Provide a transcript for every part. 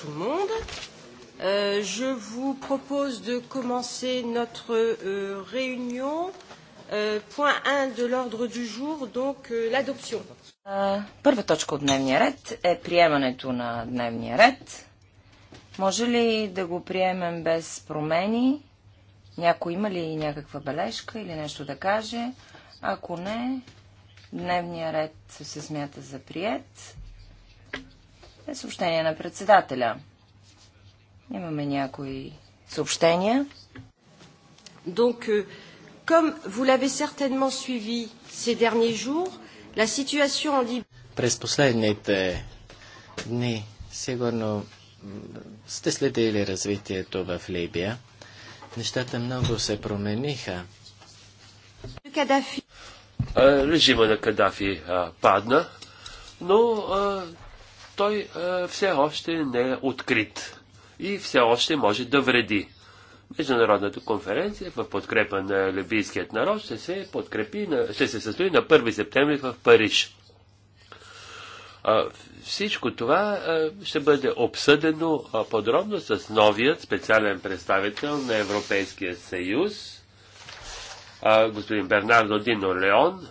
tout le monde. Euh, je vous propose de commencer notre euh, réunion. Euh, point 1 de l'ordre du jour, donc euh, l'adoption. Euh, първа точка от дневния ред е приемането на дневния ред. Може ли да го приемем без промени? Някой има ли някаква бележка или нещо да каже? Ако не, дневния ред се смята за прият е съобщение на председателя. Имаме някои съобщения. Donc, euh, comme vous l'avez certainement suivi ces derniers jours, la situation en Libye... През последните дни сигурно сте следили развитието в Либия. Нещата много се промениха. Кадафи. Е, режима на Кадафи падна, но той а, е, все още не е открит и все още може да вреди. Международната конференция в подкрепа на либийският народ ще се, подкрепи на, ще се състои на 1 септември в Париж. А, всичко това а, е, ще бъде обсъдено а, подробно с новият специален представител на Европейския съюз, а, господин Бернардо Дино Леон,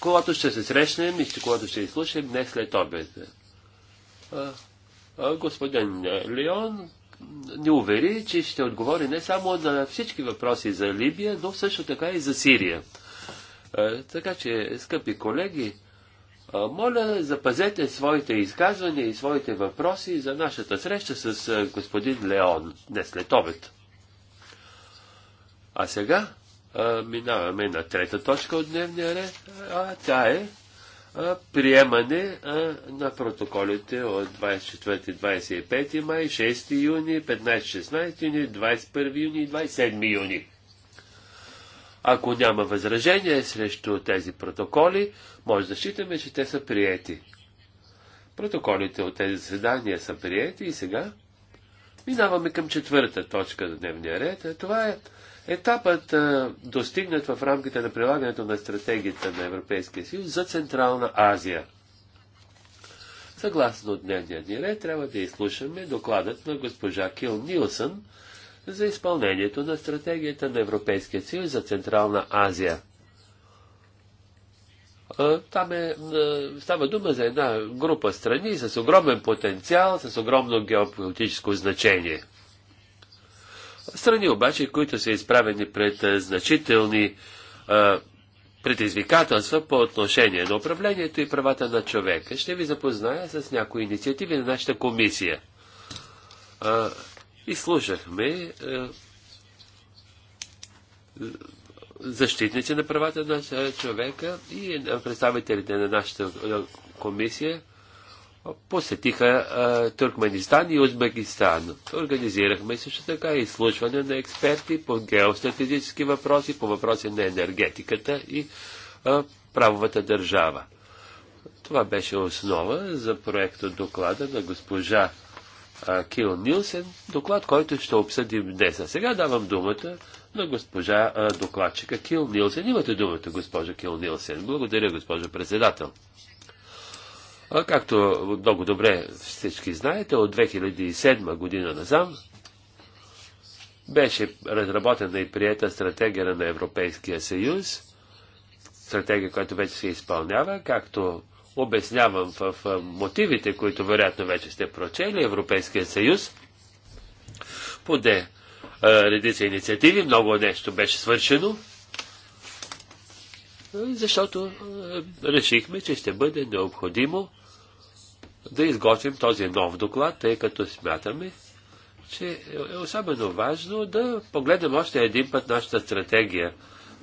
когато ще се срещнем и когато ще изслушаем днес след обед господин Леон ни увери, че ще отговори не само на всички въпроси за Либия, но също така и за Сирия. Така че, скъпи колеги, моля, запазете своите изказвания и своите въпроси за нашата среща с господин Леон днес след обед. А сега минаваме на трета точка от дневния ред, а тя е приемане на протоколите от 24-25 май, 6 юни, 15-16 юни, 21 юни и 27 юни. Ако няма възражение срещу тези протоколи, може да считаме, че те са приети. Протоколите от тези заседания са приети и сега минаваме към четвърта точка на дневния ред. това е Етапът достигнат в рамките на прилагането на стратегията на Европейския съюз за Централна Азия. Съгласно дневния ни ред, трябва да изслушаме докладът на госпожа Кил Нилсън за изпълнението на стратегията на Европейския съюз за Централна Азия. Там е, става дума за една група страни с огромен потенциал, с огромно геополитическо значение – Страни обаче, които са изправени пред значителни предизвикателства по отношение на управлението и правата на човека, ще ви запозная с някои инициативи на нашата комисия. А, и слушахме защитници на правата на човека и представителите на нашата комисия посетиха Туркменистан и Узбекистан. Организирахме също така слушване на експерти по геостратегически въпроси, по въпроси на енергетиката и правовата държава. Това беше основа за проекта доклада на госпожа Кил Нилсен, доклад, който ще обсъдим днес. А сега давам думата на госпожа докладчика Кил Нилсен. Имате думата, госпожа Кил Нилсен. Благодаря, госпожа председател. Както много добре всички знаете, от 2007 година назам беше разработена и приета стратегия на Европейския съюз, стратегия, която вече се изпълнява, както обяснявам в мотивите, които вероятно вече сте прочели, Европейския съюз поде редица инициативи, много нещо беше свършено, защото е, решихме, че ще бъде необходимо да изготвим този нов доклад, тъй като смятаме, че е особено важно да погледнем още един път нашата стратегия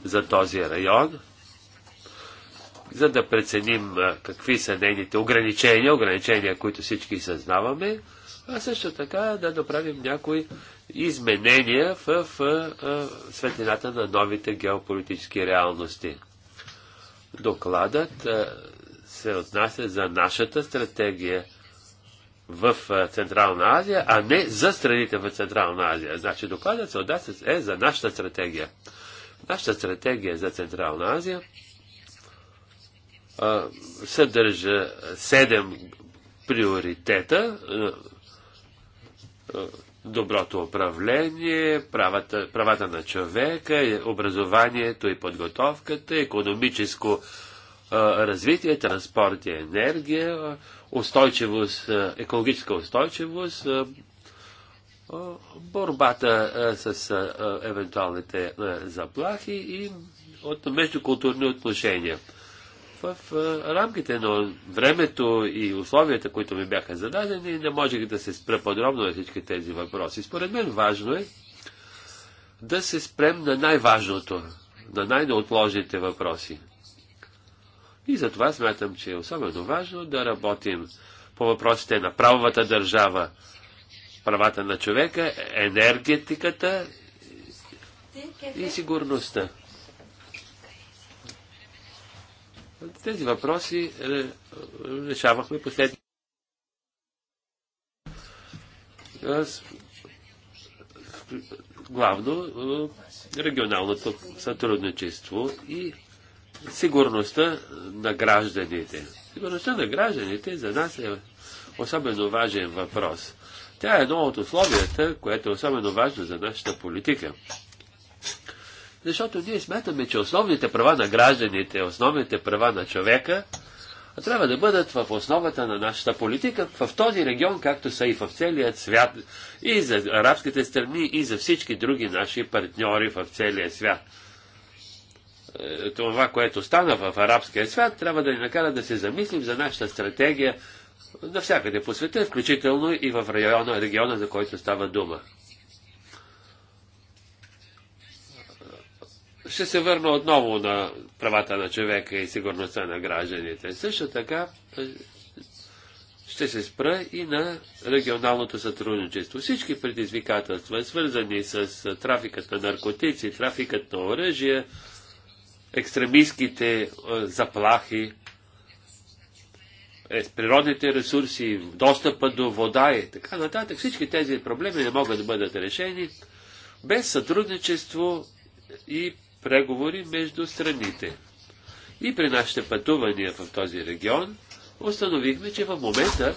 за този район, за да преценим е, какви са нейните ограничения, ограничения, които всички съзнаваме, а също така да направим някои изменения в, в, в е, светлината на новите геополитически реалности. Докладът е, се отнася за нашата стратегия в е, Централна Азия, а не за страните в Централна Азия. Значи докладът се отнася е за нашата стратегия. Нашата стратегия за Централна Азия е, съдържа седем приоритета, доброто управление, правата, правата на човека, образованието и подготовката, економическо е, развитие, транспорт и енергия, устойчивост, е, екологическа устойчивост, е, борбата с евентуалните заплахи и от междукултурни отношения в рамките на времето и условията, които ми бяха зададени, не можех да се спра подробно на всички тези въпроси. Според мен важно е да се спрем на най-важното, на най-неотложните въпроси. И затова смятам, че е особено важно да работим по въпросите на правовата държава, правата на човека, енергетиката и сигурността. Тези въпроси е, е, решавахме последни. Е, главно регионалното сътрудничество и сигурността на гражданите. Сигурността на гражданите за нас е особено важен въпрос. Тя е едно от условията, което е особено важно за нашата политика. Защото ние смятаме, че основните права на гражданите, основните права на човека трябва да бъдат в основата на нашата политика в този регион, както са и в целия свят, и за арабските страни, и за всички други наши партньори в целия свят. Е, това, което стана в арабския свят, трябва да ни накара да се замислим за нашата стратегия навсякъде по света, включително и в района, региона, за който става дума. ще се върна отново на правата на човека и сигурността на гражданите. Също така е, ще се спра и на регионалното сътрудничество. Всички предизвикателства, свързани с трафикът на наркотици, трафикът на оръжие, екстремистските е, заплахи, е, природните ресурси, достъпа до вода и така нататък, всички тези проблеми не могат да бъдат решени без сътрудничество и преговори между страните. И при нашите пътувания в този регион установихме, че в момента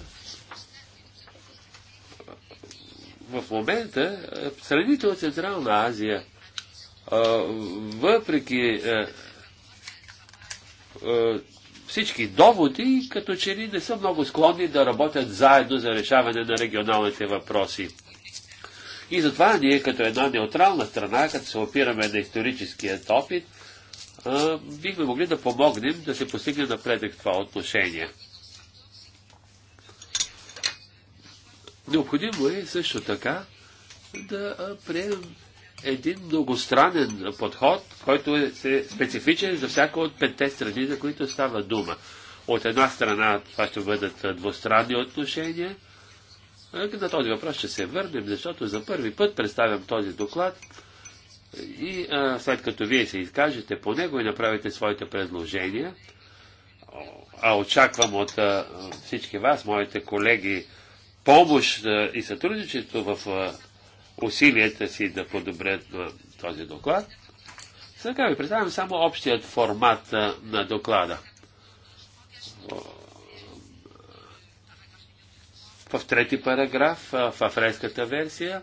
в момента е, страните от Централна Азия, е, въпреки е, всички доводи, като че ли не са много склонни да работят заедно за решаване на регионалните въпроси. И затова ние като една неутрална страна, като се опираме на историческият опит, бихме могли да помогнем да се постигне напредък в това отношение. Необходимо е също така да приемем един многостранен подход, който е специфичен за всяка от петте страни, за които става дума. От една страна това ще бъдат двустранни отношения, на е, този въпрос ще се върнем, защото за първи път представям този доклад и а, след като вие се изкажете по него и направите своите предложения, а очаквам от а, всички вас, моите колеги, помощ а, и сътрудничество в а, усилията си да подобрят а, този доклад, сега ви представям само общият формат а, на доклада. В трети параграф, в афренската версия,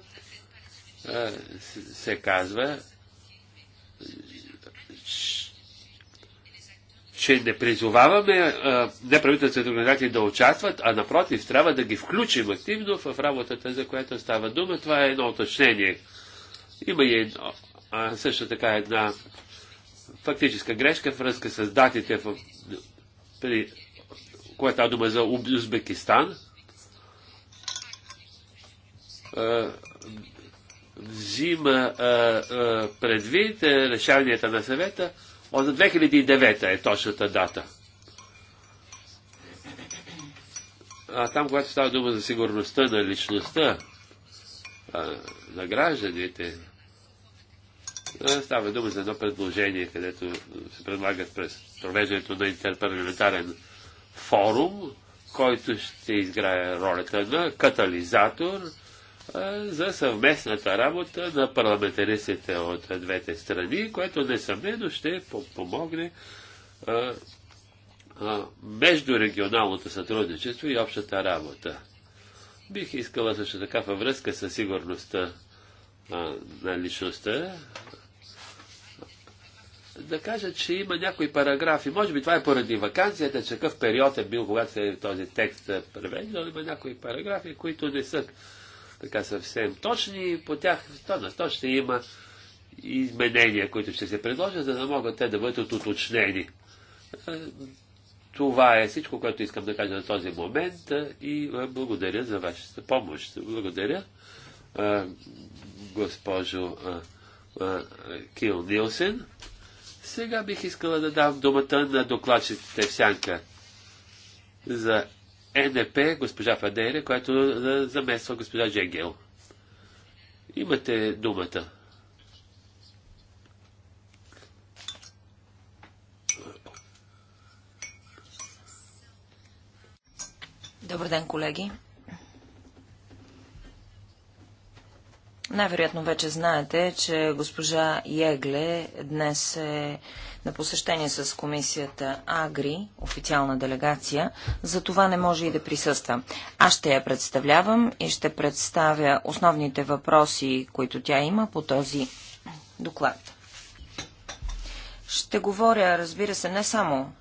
се казва, че не призоваваме неправителствените организации да участват, а напротив, трябва да ги включим активно в работата, за която става дума. Това е едно уточнение. Има и едно, а също така една фактическа грешка в връзка с датите в, при, която дума за Узбекистан взима предвид е, решенията на съвета от 2009 е точната дата. А там, когато става дума за сигурността на личността, на гражданите, става дума за едно предложение, където се предлагат през провеждането на интерпарламентарен форум, който ще изграе ролята на катализатор – за съвместната работа на парламентаристите от двете страни, което несъмнено ще помогне между регионалното сътрудничество и общата работа. Бих искала също така във връзка със сигурността на личността да кажа, че има някои параграфи. Може би това е поради вакансията, че какъв период е бил, когато се е този текст е преведен, но има някои параграфи, които не са така съвсем точни, по тях то на то ще има изменения, които ще се предложат, за да могат те да бъдат уточнени. Това е всичко, което искам да кажа на този момент и благодаря за вашата помощ. Благодаря, госпожо Кил Нилсен. Сега бих искала да дам думата на докладчиците в сянка за НДП, е госпожа Фадейре, която замества госпожа Дженгел. Имате думата. Добър ден, колеги! Най-вероятно вече знаете, че госпожа Егле днес е на посещение с комисията Агри, официална делегация, за това не може и да присъства. Аз ще я представлявам и ще представя основните въпроси, които тя има по този доклад. Ще говоря, разбира се, не само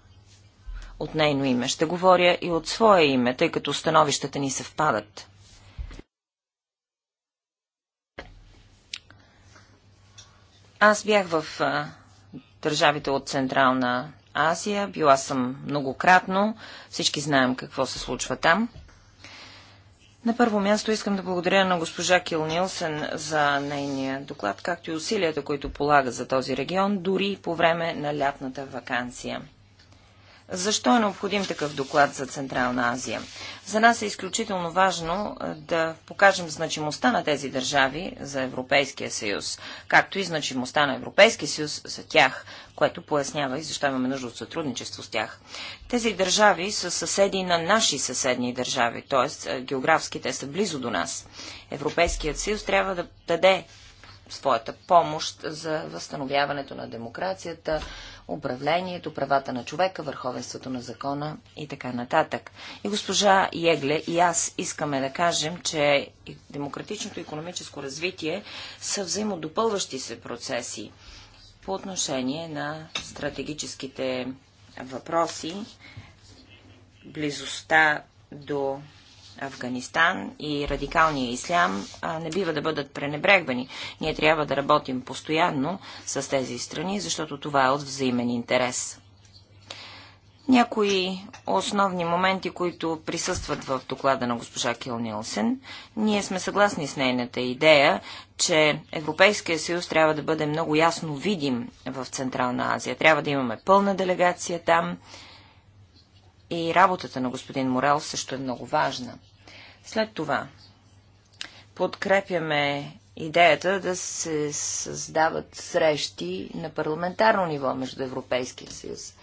от нейно име, ще говоря и от свое име, тъй като становищата ни съвпадат. Аз бях в държавите от Централна Азия. Била съм многократно. Всички знаем какво се случва там. На първо място искам да благодаря на госпожа Кил Нилсен за нейния доклад, както и усилията, които полага за този регион, дори по време на лятната вакансия. Защо е необходим такъв доклад за Централна Азия? За нас е изключително важно да покажем значимостта на тези държави за Европейския съюз, както и значимостта на Европейския съюз за тях, което пояснява и защо имаме нужда от сътрудничество с тях. Тези държави са съседи на наши съседни държави, т.е. географските са близо до нас. Европейският съюз трябва да даде своята помощ за възстановяването на демокрацията, управлението, правата на човека, върховенството на закона и така нататък. И госпожа Егле и аз искаме да кажем, че демократичното економическо развитие са взаимодопълващи се процеси по отношение на стратегическите въпроси, близостта до Афганистан и радикалния ислям не бива да бъдат пренебрегвани. Ние трябва да работим постоянно с тези страни, защото това е от взаимен интерес. Някои основни моменти, които присъстват в доклада на госпожа Кил Нилсен, ние сме съгласни с нейната идея, че Европейския съюз трябва да бъде много ясно видим в Централна Азия. Трябва да имаме пълна делегация там, и работата на господин Морел също е много важна. След това подкрепяме идеята да се създават срещи на парламентарно ниво между Европейския съюз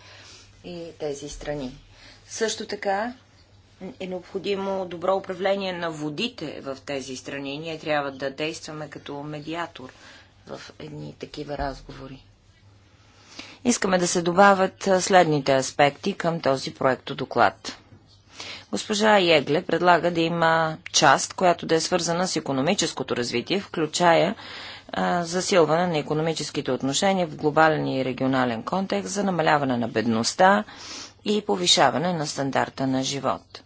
и тези страни. Също така е необходимо добро управление на водите в тези страни. Ние трябва да действаме като медиатор в едни такива разговори. Искаме да се добавят следните аспекти към този проекто доклад. Госпожа Егле предлага да има част, която да е свързана с економическото развитие, включая засилване на економическите отношения в глобален и регионален контекст за намаляване на бедността и повишаване на стандарта на живот.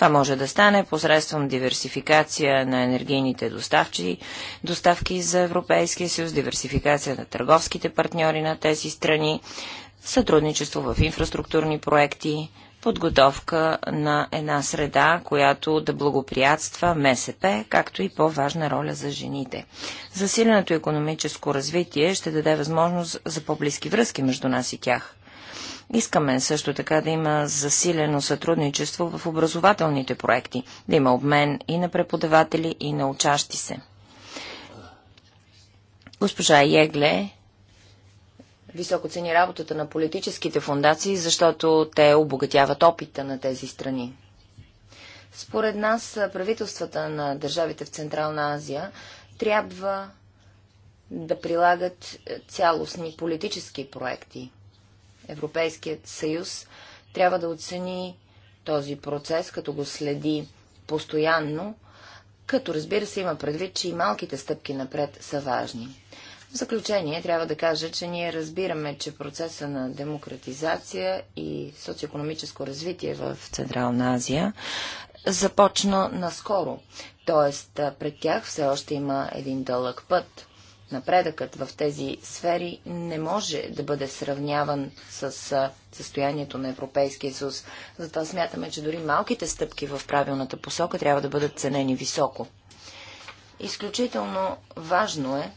Това може да стане посредством диверсификация на енергийните доставчи, доставки за Европейския съюз, диверсификация на търговските партньори на тези страни, сътрудничество в инфраструктурни проекти, подготовка на една среда, която да благоприятства МСП, както и по-важна роля за жените. Засиленото економическо развитие ще даде възможност за по-близки връзки между нас и тях. Искаме също така да има засилено сътрудничество в образователните проекти, да има обмен и на преподаватели, и на учащи се. Госпожа Егле високо цени работата на политическите фундации, защото те обогатяват опита на тези страни. Според нас правителствата на държавите в Централна Азия трябва да прилагат цялостни политически проекти. Европейският съюз трябва да оцени този процес, като го следи постоянно, като разбира се има предвид, че и малките стъпки напред са важни. В заключение трябва да кажа, че ние разбираме, че процеса на демократизация и социоекономическо развитие в Централна Азия започна наскоро. Тоест, пред тях все още има един дълъг път. Напредъкът в тези сфери не може да бъде сравняван с състоянието на Европейския съюз. Затова смятаме, че дори малките стъпки в правилната посока трябва да бъдат ценени високо. Изключително важно е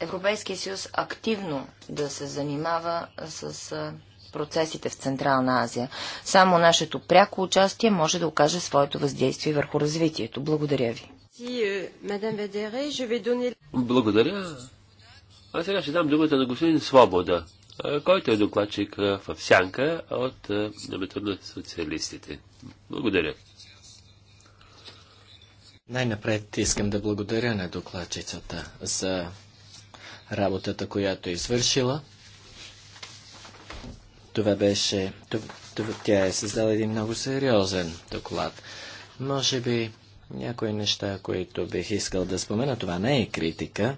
Европейския съюз активно да се занимава с процесите в Централна Азия. Само нашето пряко участие може да окаже своето въздействие върху развитието. Благодаря ви. Euh, благодаря. А сега ще дам думата на господин Свобода, който е докладчик в Сянка от името на социалистите. Благодаря. Най-напред искам да благодаря на докладчицата за работата, която е извършила. Това беше... тя е създала един много сериозен доклад. Може би някои неща, които бих искал да спомена, това не е критика,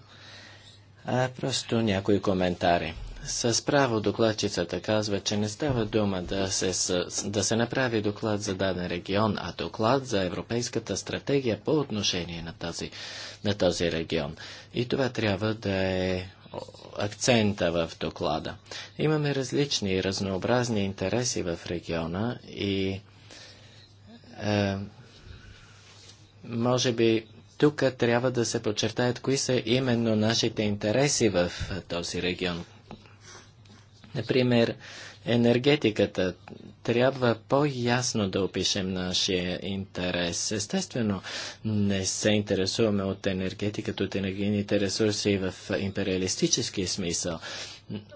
а просто някои коментари. С право докладчицата казва, че не става дума да се, да се направи доклад за даден регион, а доклад за европейската стратегия по отношение на, този, на този регион. И това трябва да е акцента в доклада. Имаме различни и разнообразни интереси в региона и е, може би тук трябва да се подчертаят кои са именно нашите интереси в този регион. Например, енергетиката. Трябва по-ясно да опишем нашия интерес. Естествено, не се интересуваме от енергетиката, от енергийните ресурси в империалистически смисъл.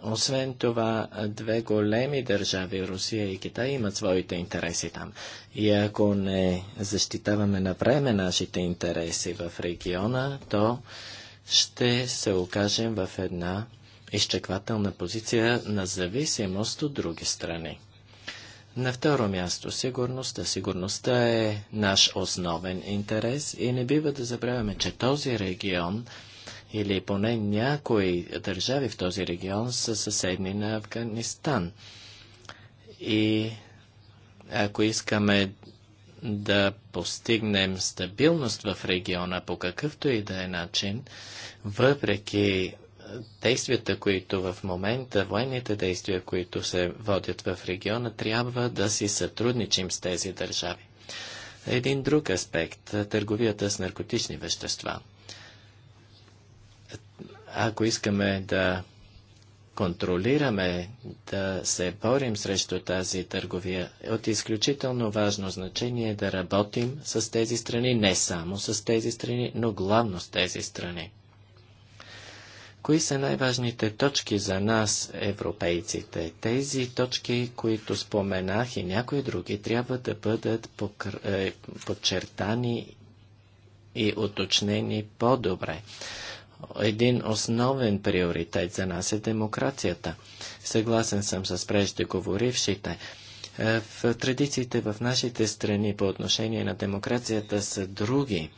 Освен това, две големи държави, Русия и Китай, имат своите интереси там. И ако не защитаваме на време нашите интереси в региона, то ще се окажем в една изчеквателна позиция на зависимост от други страни. На второ място сигурността. Сигурността е наш основен интерес и не бива да забравяме, че този регион – или поне някои държави в този регион са съседни на Афганистан. И ако искаме да постигнем стабилност в региона по какъвто и да е начин, въпреки действията, които в момента, военните действия, които се водят в региона, трябва да си сътрудничим с тези държави. Един друг аспект – търговията с наркотични вещества ако искаме да контролираме, да се борим срещу тази търговия, от изключително важно значение е да работим с тези страни, не само с тези страни, но главно с тези страни. Кои са най-важните точки за нас, европейците? Тези точки, които споменах и някои други, трябва да бъдат покр... Е, подчертани и уточнени по-добре един основен приоритет за нас е демокрацията. Съгласен съм с преждеговорившите. Е, в традициите в нашите страни по отношение на демокрацията са други,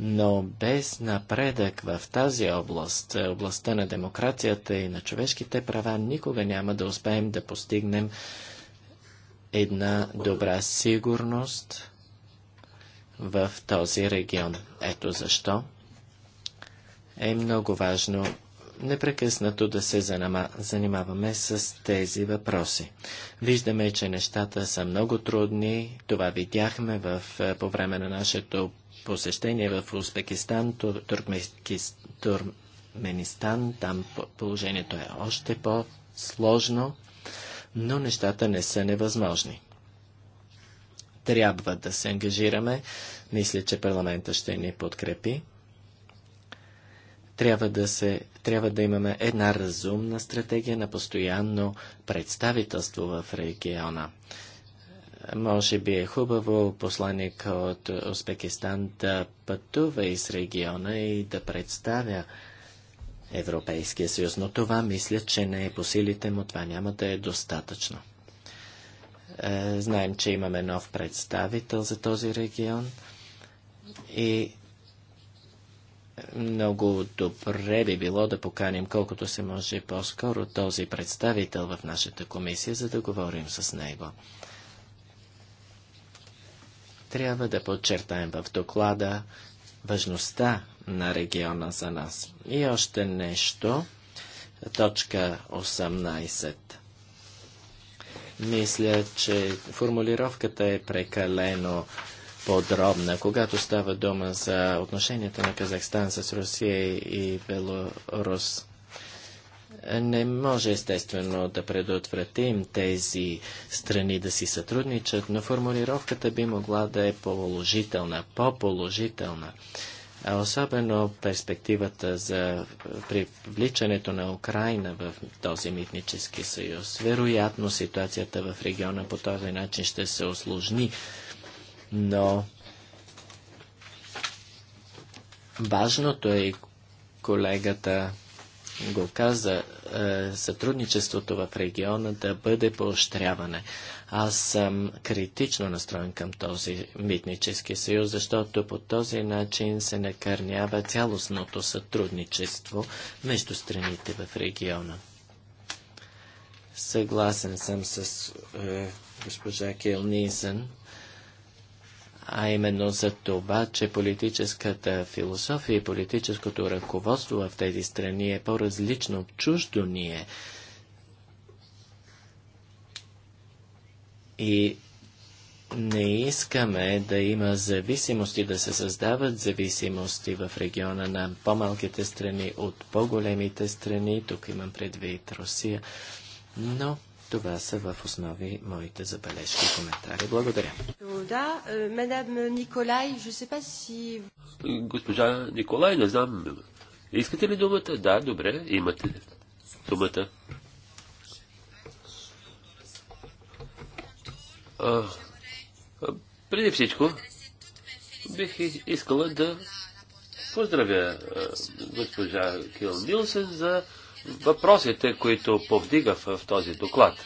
но без напредък в тази област, е, областта на демокрацията и на човешките права, никога няма да успеем да постигнем една добра сигурност в този регион. Ето защо е много важно непрекъснато да се занимаваме с тези въпроси. Виждаме, че нещата са много трудни. Това видяхме в, е, по време на нашето посещение в Узбекистан, Туркменистан. Там положението е още по-сложно, но нещата не са невъзможни. Трябва да се ангажираме. Мисля, че парламента ще ни подкрепи. Трябва да, се, трябва да имаме една разумна стратегия на постоянно представителство в региона. Може би е хубаво посланник от Узбекистан да пътува из региона и да представя Европейския съюз, но това мисля, че не е по силите му, това няма да е достатъчно. Е, знаем, че имаме нов представител за този регион и много добре би било да поканим колкото се може по-скоро този представител в нашата комисия, за да говорим с него. Трябва да подчертаем в доклада важността на региона за нас. И още нещо, точка 18. Мисля, че формулировката е прекалено по-подробна. Когато става дума за отношенията на Казахстан с Русия и Белорус, не може естествено да предотвратим тези страни да си сътрудничат, но формулировката би могла да е положителна, по-положителна. А особено перспективата за привличането на Украина в този митнически съюз. Вероятно ситуацията в региона по този начин ще се осложни, но важното е, колегата го каза, е, сътрудничеството в региона да бъде поощряване. Аз съм критично настроен към този митнически съюз, защото по този начин се накърнява цялостното сътрудничество между страните в региона. Съгласен съм с е, госпожа Кел Нинсън а именно за това, че политическата философия и политическото ръководство в тези страни е по-различно от чуждо ние. И не искаме да има зависимости, да се създават зависимости в региона на по-малките страни от по-големите страни. Тук имам предвид Русия. Но това са в основи моите забележки и коментари. Благодаря. Е, госпожа Николай, не знам. Искате ли думата? Да, добре, имате думата. А, преди всичко, бих искала да поздравя госпожа Кил Нилсен за въпросите, които повдига в, този доклад.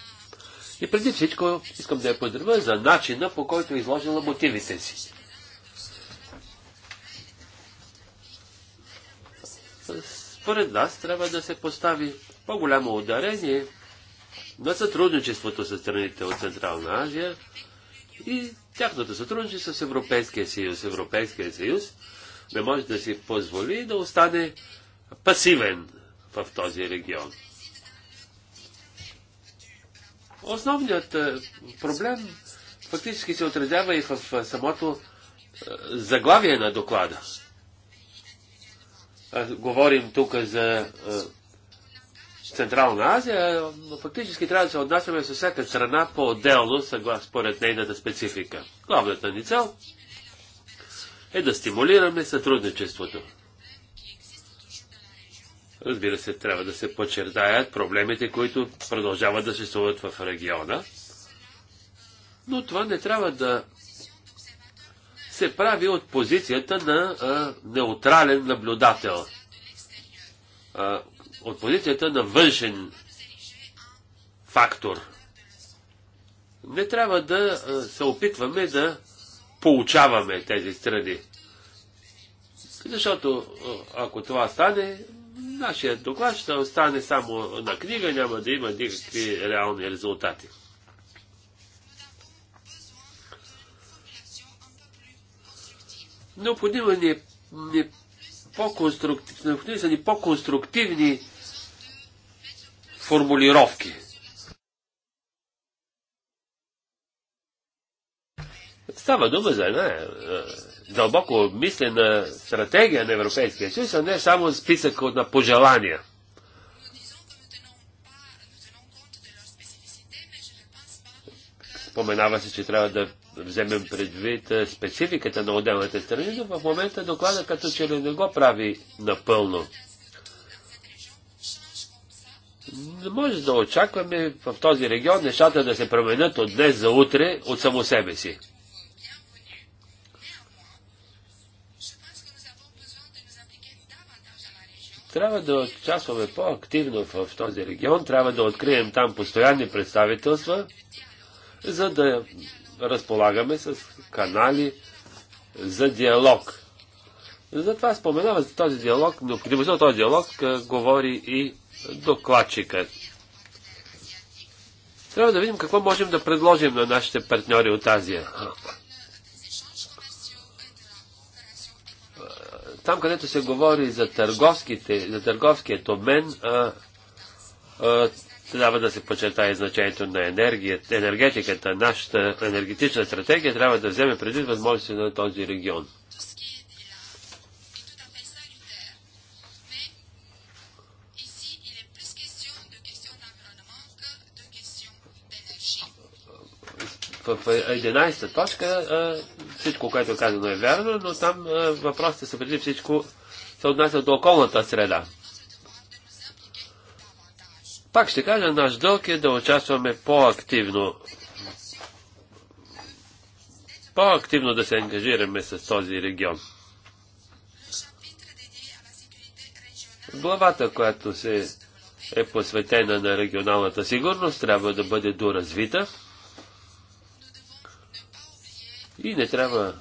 И преди всичко искам да я поздравя за начина, по който е изложила мотивите си. Според нас трябва да се постави по-голямо ударение на сътрудничеството с страните от Централна Азия и тяхното сътрудничество с Европейския съюз. Европейския съюз не може да си позволи да остане пасивен в този регион. Основният е, проблем фактически се отразява и в е, самото е, заглавие на доклада. Говорим тук за Централна Азия, но фактически трябва да се отнасяме с всяка страна по-отделно, според нейната специфика. Главната ни цел е да стимулираме сътрудничеството. Разбира се, трябва да се подчертаят проблемите, които продължават да се съществуват в региона. Но това не трябва да се прави от позицията на а, неутрален наблюдател. А, от позицията на външен фактор. Не трябва да а, се опитваме да получаваме тези страни. Защото ако това стане, нашия доклад ще остане само на книга, няма да има никакви реални резултати. Необходимо ни, е, ни по-конструктив, са ни по-конструктивни формулировки. Става дума за една е, дълбоко обмислена стратегия на Европейския съюз, а не само списък на пожелания. Споменава се, че трябва да вземем предвид спецификата на отделните страни, но в момента доклада като че ли не го прави напълно. Не може да очакваме в този регион нещата да се променят от днес за утре от само себе си. Трябва да участваме по-активно в този регион, трябва да открием там постоянни представителства, за да разполагаме с канали за диалог. Затова споменава за този диалог, но от този диалог говори и докладчикът. Трябва да видим какво можем да предложим на нашите партньори от Азия. Там, където се говори за, търговските, за търговският обмен, а, а, трябва да се почертае значението на енергията, енергетиката. Нашата енергетична стратегия трябва да вземе преди възможности на този регион. В 11 точка всичко, което е казано е вярно, но там въпросите са преди всичко се отнасят до околната среда. Пак ще кажа, наш дълг е да участваме по-активно. По-активно да се ангажираме с този регион. Главата, която се е посветена на регионалната сигурност, трябва да бъде доразвита. И не трябва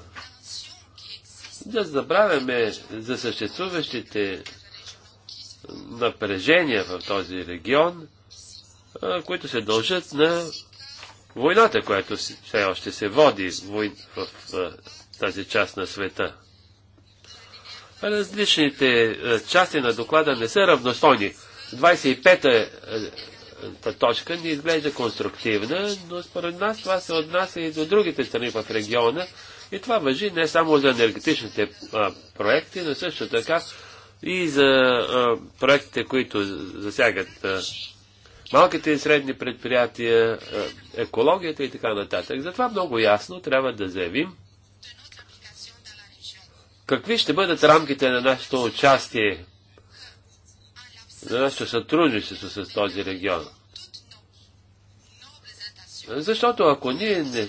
да забравяме за съществуващите напрежения в този регион, които се дължат на войната, която все още се води в тази част на света. Различните части на доклада не са равностойни. 25-та точка не изглежда конструктивна, но според нас това се отнася и до другите страни в региона. И това въжи не само за енергетичните а, проекти, но също така и за а, проектите, които засягат а, малките и средни предприятия, екологията и така нататък. Затова много ясно трябва да заявим какви ще бъдат рамките на нашето участие за нашето сътрудничество с този регион. Защото ако ние не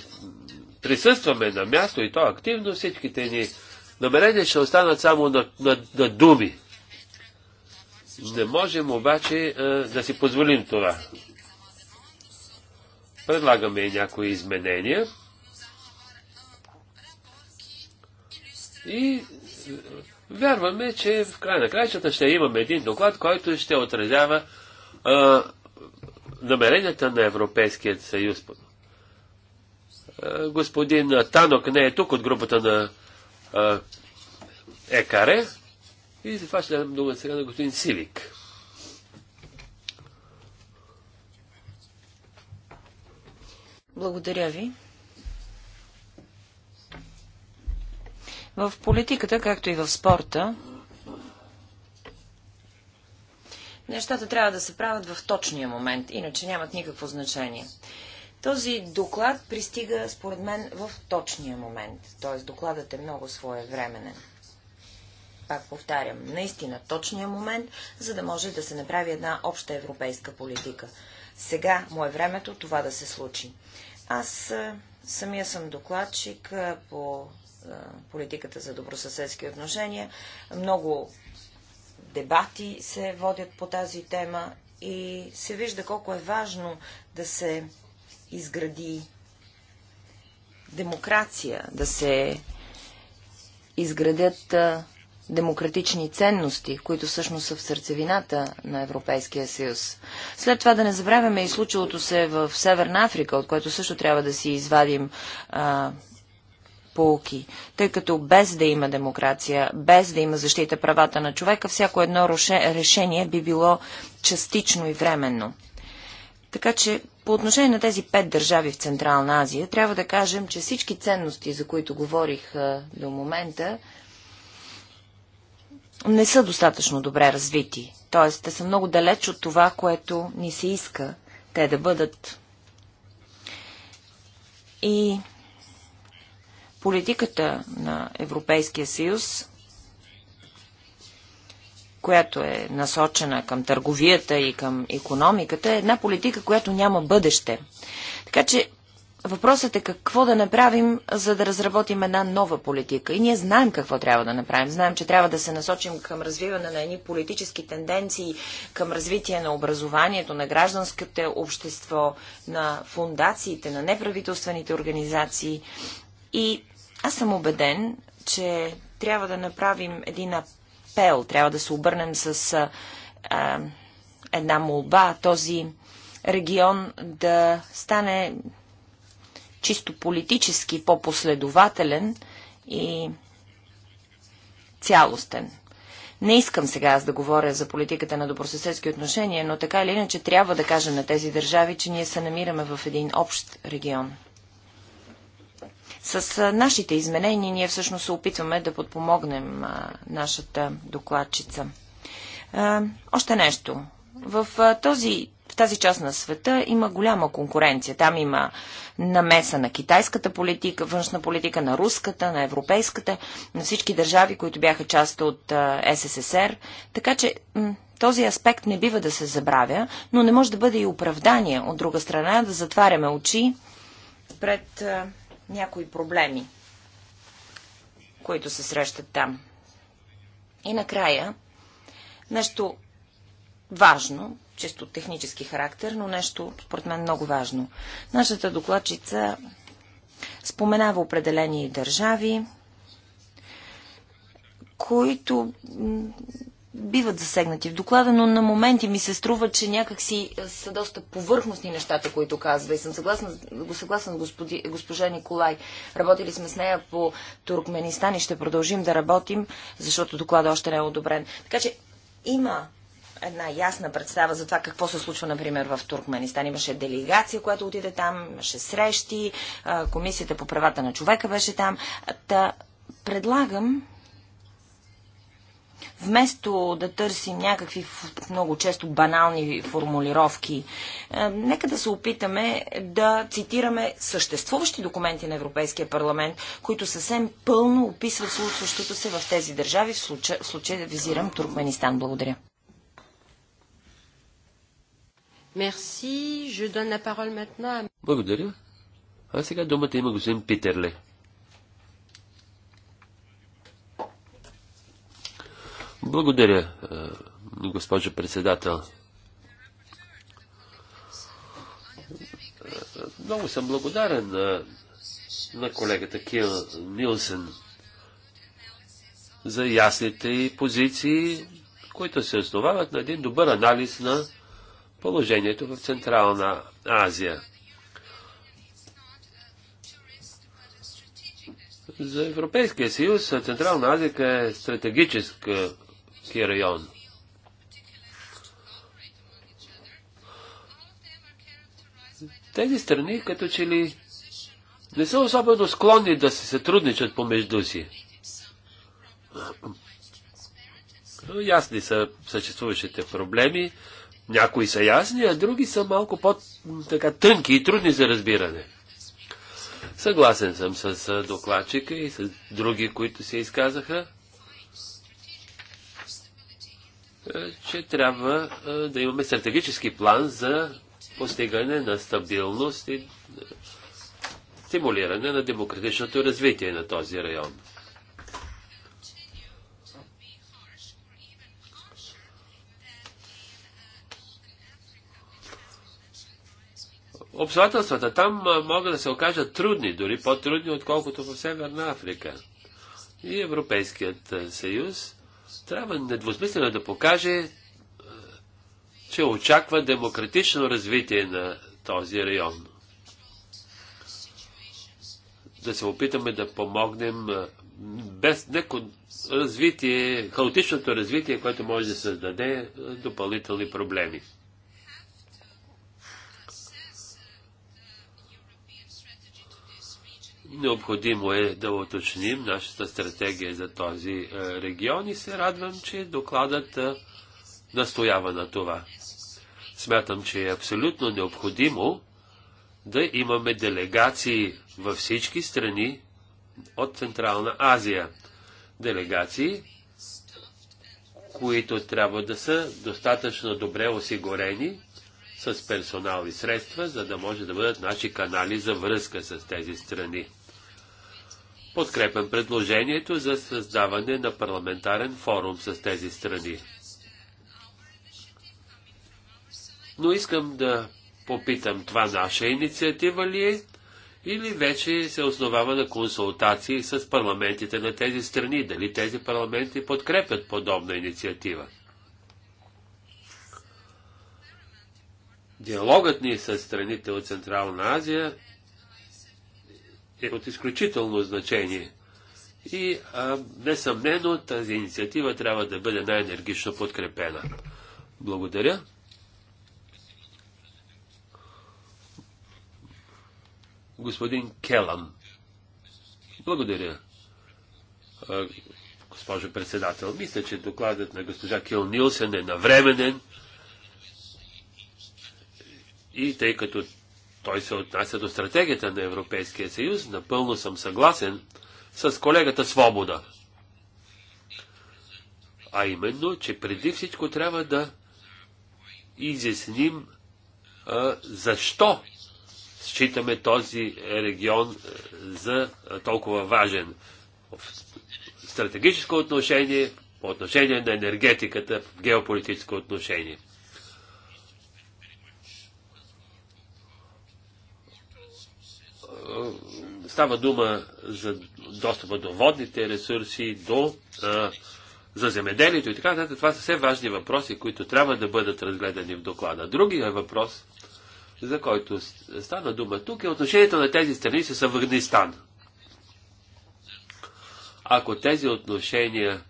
присъстваме на място и то активно, всичките ни намерения ще останат само на, на, на думи. Не можем обаче а, е, да си позволим това. Предлагаме и някои изменения. И е, Вярваме, че в край на краищата ще имаме един доклад, който ще отразява а, намеренията на Европейският съюз. А, господин Танок не е тук от групата на а, ЕКАРЕ и затова ще дам дума сега на господин Силик. Благодаря ви. В политиката, както и в спорта, нещата трябва да се правят в точния момент, иначе нямат никакво значение. Този доклад пристига, според мен, в точния момент. Т.е. докладът е много своевременен. Пак повтарям, наистина точния момент, за да може да се направи една обща европейска политика. Сега му е времето това да се случи. Аз е, Самия съм докладчик по политиката за добросъседски отношения. Много дебати се водят по тази тема и се вижда колко е важно да се изгради демокрация, да се изградят демократични ценности, които всъщност са в сърцевината на Европейския съюз. След това да не забравяме и случилото се в Северна Африка, от което също трябва да си извадим а, полки, тъй като без да има демокрация, без да има защита правата на човека, всяко едно решение би било частично и временно. Така че по отношение на тези пет държави в Централна Азия, трябва да кажем, че всички ценности, за които говорих а, до момента, не са достатъчно добре развити. Тоест, те са много далеч от това, което ни се иска те да бъдат. И политиката на Европейския съюз, която е насочена към търговията и към економиката, е една политика, която няма бъдеще. Така че Въпросът е какво да направим, за да разработим една нова политика. И ние знаем какво трябва да направим. Знаем, че трябва да се насочим към развиване на едни политически тенденции, към развитие на образованието, на гражданското общество, на фундациите, на неправителствените организации. И аз съм убеден, че трябва да направим един апел, трябва да се обърнем с а, една молба този регион да стане чисто политически по-последователен и цялостен. Не искам сега аз да говоря за политиката на добросъседски отношения, но така или иначе трябва да кажем на тези държави, че ние се намираме в един общ регион. С нашите изменения ние всъщност се опитваме да подпомогнем а, нашата докладчица. А, още нещо. В, а, този, в тази част на света има голяма конкуренция. Там има намеса на китайската политика, външна политика, на руската, на европейската, на всички държави, които бяха част от СССР. Така че този аспект не бива да се забравя, но не може да бъде и оправдание от друга страна да затваряме очи пред някои проблеми, които се срещат там. И накрая, нещо важно, чисто технически характер, но нещо, според мен, много важно. Нашата докладчица споменава определени държави, които биват засегнати в доклада, но на моменти ми се струва, че някакси е, са доста повърхностни нещата, които казва. И съм съгласна, съгласна с господи, госпожа Николай. Работили сме с нея по Туркменистан и ще продължим да работим, защото доклада още не е одобрен. Така че има една ясна представа за това какво се случва, например, в Туркменистан. Имаше делегация, която отиде там, имаше срещи, комисията по правата на човека беше там. Та предлагам вместо да търсим някакви много често банални формулировки, нека да се опитаме да цитираме съществуващи документи на Европейския парламент, които съвсем пълно описват случващото се в тези държави, в случая, в случая визирам Туркменистан. Благодаря. Merci. Je donne la parole maintenant à... Благодаря. А сега думата има господин Питерле. Благодаря, госпожо председател. Много съм благодарен на, на колегата Кил Нилсен за ясните позиции, които се основават на един добър анализ на положението в Централна Азия. За Европейския съюз Централна Азия е стратегически район. Тези страни като че ли не са особено склонни да се сътрудничат помежду си. Ясни са съществуващите проблеми. Някои са ясни, а други са малко по-тънки и трудни за разбиране. Съгласен съм с докладчика и с други, които се изказаха, че трябва да имаме стратегически план за постигане на стабилност и стимулиране на демократичното развитие на този район. обстоятелствата там могат да се окажат трудни, дори по-трудни, отколкото в Северна Африка. И Европейският съюз трябва недвусмислено да покаже, че очаква демократично развитие на този район. Да се опитаме да помогнем без неко развитие, хаотичното развитие, което може да създаде допълнителни проблеми. Необходимо е да уточним нашата стратегия за този е, регион и се радвам, че докладът е, настоява на това. Смятам, че е абсолютно необходимо да имаме делегации във всички страни от Централна Азия. Делегации, които трябва да са достатъчно добре осигурени с персонал и средства, за да може да бъдат наши канали за връзка с тези страни. Подкрепям предложението за създаване на парламентарен форум с тези страни. Но искам да попитам, това наша инициатива ли е? Или вече се основава на консултации с парламентите на тези страни? Дали тези парламенти подкрепят подобна инициатива? Диалогът ни с страните от Централна Азия е от изключително значение. И а, несъмнено тази инициатива трябва да бъде най-енергично подкрепена. Благодаря. Господин Келам. Благодаря. А, госпожо председател, мисля, че докладът на госпожа Кил Нилсен е навременен. И тъй като той се отнася до стратегията на Европейския съюз. Напълно съм съгласен с колегата Свобода. А именно, че преди всичко трябва да изясним а, защо считаме този регион за толкова важен. В стратегическо отношение, по отношение на енергетиката, в геополитическо отношение. Е, става дума за достъпа до водните ресурси, до, а, е, за земеделието и така нататък. Това са все важни въпроси, които трябва да бъдат разгледани в доклада. Другия е въпрос, за който стана дума тук, е отношението на тези страни с Афганистан. Ако тези отношения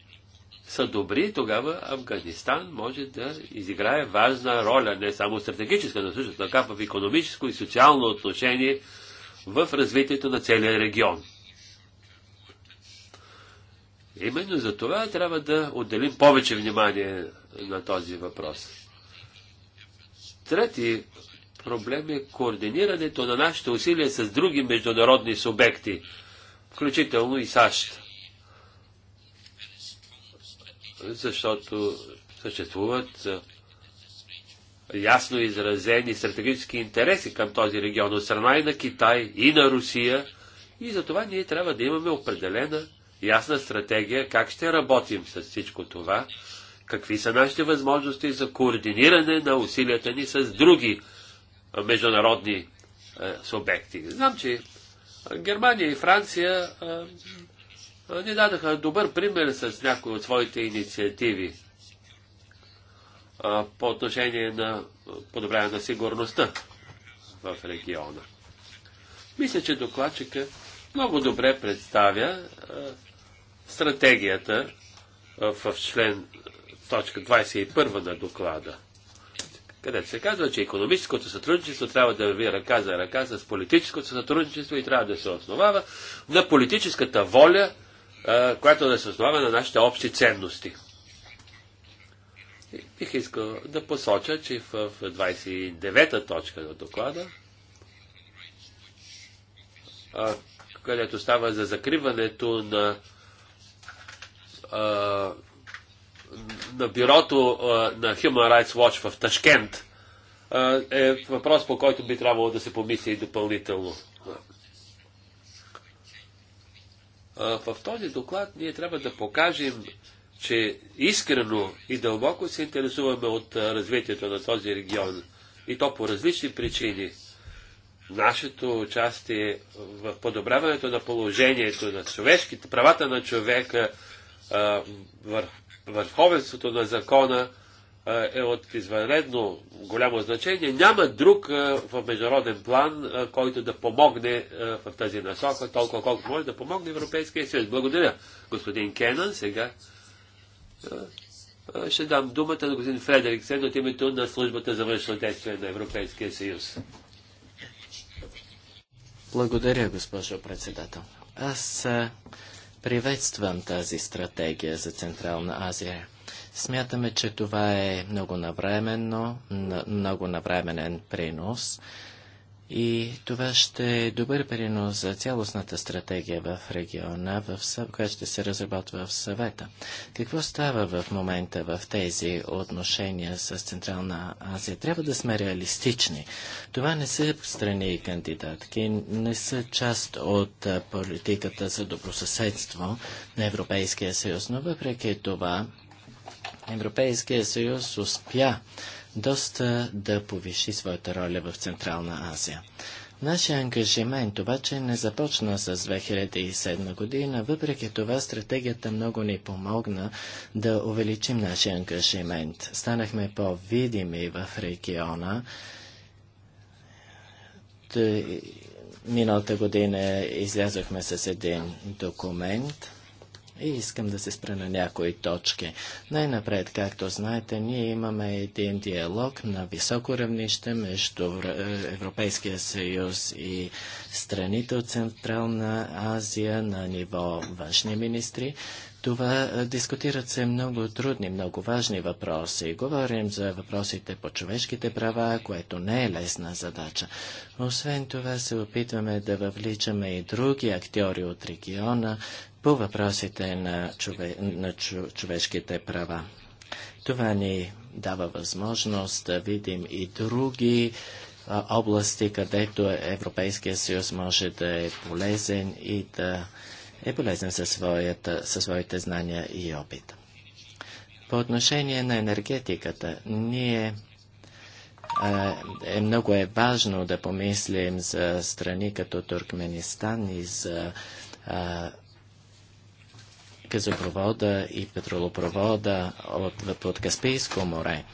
са добри, тогава Афганистан може да изиграе важна роля, не само стратегическа, но също така в економическо и социално отношение в развитието на целия регион. Именно за това трябва да отделим повече внимание на този въпрос. Трети проблем е координирането на нашите усилия с други международни субекти, включително и САЩ. Защото съществуват ясно изразени стратегически интереси към този регион от страна и на Китай, и на Русия. И затова ние трябва да имаме определена ясна стратегия как ще работим с всичко това, какви са нашите възможности за координиране на усилията ни с други международни е, субекти. Знам, че Германия и Франция е, ни дадаха добър пример с някои от своите инициативи по отношение на подобряване на сигурността в региона. Мисля, че докладчика много добре представя стратегията в член точка 21 на доклада, където се казва, че економическото сътрудничество трябва да върви ръка за ръка с политическото сътрудничество и трябва да се основава на политическата воля, която да се основава на нашите общи ценности. Бих искал да посоча, че в 29-та точка на доклада, където става за закриването на, на бюрото на Human Rights Watch в Ташкент, е въпрос, по който би трябвало да се помисли и допълнително. В този доклад ние трябва да покажем че искрено и дълбоко се интересуваме от развитието на този регион. И то по различни причини. Нашето участие в подобряването на положението на човешките, правата на човека, върховенството на закона е от извънредно голямо значение. Няма друг в международен план, който да помогне в тази насока, толкова колко може да помогне Европейския съюз. Благодаря, господин Кенън Сега ще дам думата на господин Фредериксен от името на службата за външно действие на Европейския съюз. Благодаря, госпожо председател. Аз приветствам тази стратегия за Централна Азия. Смятаме, че това е много навременно, много навременен принос и това ще е добър принос за цялостната стратегия в региона, в съв... която ще се разработва в съвета. Какво става в момента в тези отношения с Централна Азия? Трябва да сме реалистични. Това не са страни и кандидатки, не са част от политиката за добросъседство на Европейския съюз, но въпреки това Европейския съюз успя доста да повиши своята роля в Централна Азия. Нашия ангажимент обаче не започна с 2007 година, въпреки това стратегията много ни помогна да увеличим нашия ангажимент. Станахме по-видими в региона. Миналата година излязохме с един документ – и искам да се спра на някои точки. Най-напред, както знаете, ние имаме един диалог на високо равнище между Европейския съюз и страните от Централна Азия на ниво външни министри това дискутират се много трудни, много важни въпроси. Говорим за въпросите по човешките права, което не е лесна задача. Освен това се опитваме да въвличаме и други актьори от региона по въпросите на, чове... на чу... човешките права. Това ни дава възможност да видим и други области, където Европейския съюз може да е полезен и да е полезен със, своята, със своите знания и опит. По отношение на енергетиката, ние е, много е важно да помислим за страни като Туркменистан и за а, газопровода и петролопровода от, от Каспийско море.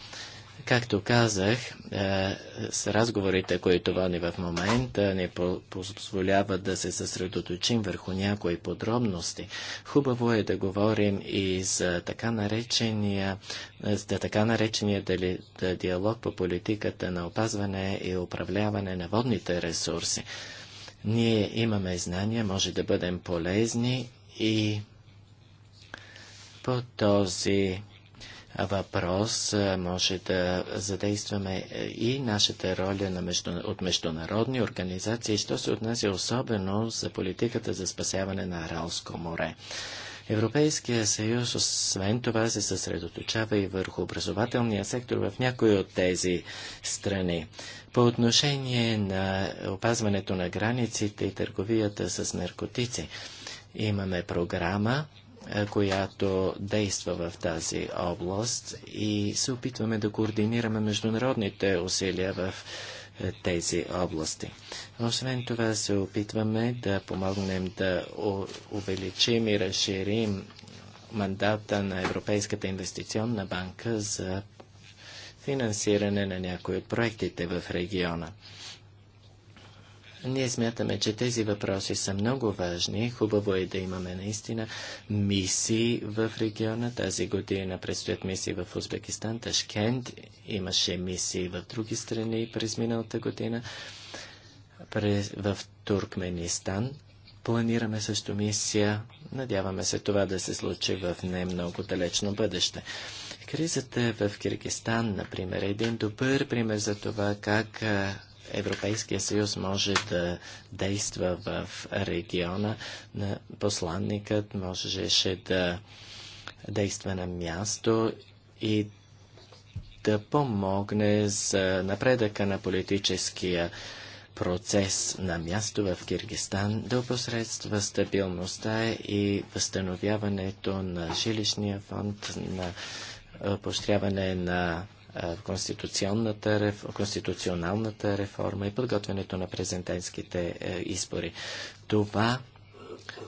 Както казах, е, с разговорите, които водим в момента, ни позволяват да се съсредоточим върху някои подробности. Хубаво е да говорим и за така наречения, за така наречения дали, да диалог по политиката на опазване и управляване на водните ресурси. Ние имаме знания, може да бъдем полезни и по този въпрос може да задействаме и нашата роля на между... от международни организации, що се отнася особено за политиката за спасяване на Аралско море. Европейския съюз, освен това, се съсредоточава и върху образователния сектор в някои от тези страни. По отношение на опазването на границите и търговията с наркотици, имаме програма, която действа в тази област и се опитваме да координираме международните усилия в е, тези области. Освен това се опитваме да помогнем да увеличим и разширим мандата на Европейската инвестиционна банка за финансиране на някои от проектите в региона. Ние смятаме, че тези въпроси са много важни. Хубаво е да имаме наистина мисии в региона. Тази година предстоят мисии в Узбекистан, Ташкент. Имаше мисии в други страни през миналата година. През, в Туркменистан планираме също мисия. Надяваме се това да се случи в не много далечно бъдеще. Кризата в Киргистан, например, е един добър пример за това как Европейския съюз може да действа в региона. Посланникът можеше да действа на място и да помогне за напредъка на политическия процес на място в Киргистан, да опосредства стабилността и възстановяването на жилищния фонд, на поощряване на конституционната, конституционалната реформа и подготвянето на президентските е, избори. Това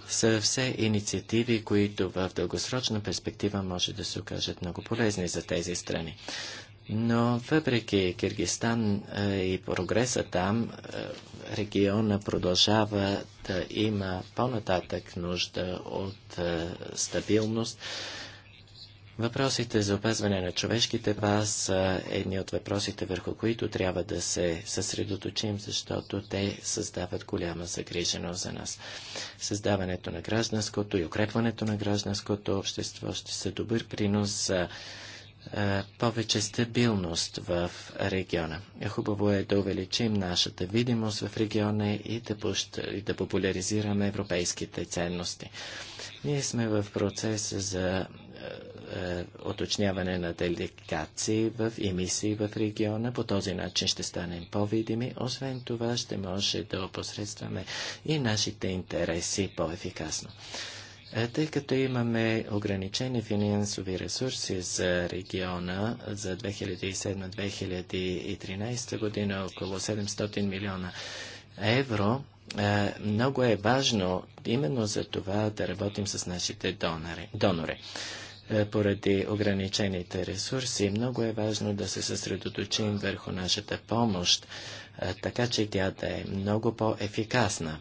са все инициативи, които в дългосрочна перспектива може да се окажат много полезни за тези страни. Но въпреки Киргистан е, и прогреса там, е, региона продължава да има по-нататък нужда от стабилност Въпросите за опазване на човешките права са едни от въпросите, върху които трябва да се съсредоточим, защото те създават голяма загриженост за нас. Създаването на гражданското и укрепването на гражданското общество ще са добър принос за повече стабилност в региона. Хубаво е да увеличим нашата видимост в региона и да, и да популяризираме европейските ценности. Ние сме в процес за оточняване е, на деликации в емисии в региона. По този начин ще станем по-видими. Освен това ще може да опосредстваме и нашите интереси по-ефикасно. Е, тъй като имаме ограничени финансови ресурси за региона за 2007-2013 година, около 700 милиона евро, е, много е важно именно за това да работим с нашите донори. Е, поради ограничените ресурси, много е важно да се съсредоточим върху нашата помощ, е, така че тя да е много по-ефикасна.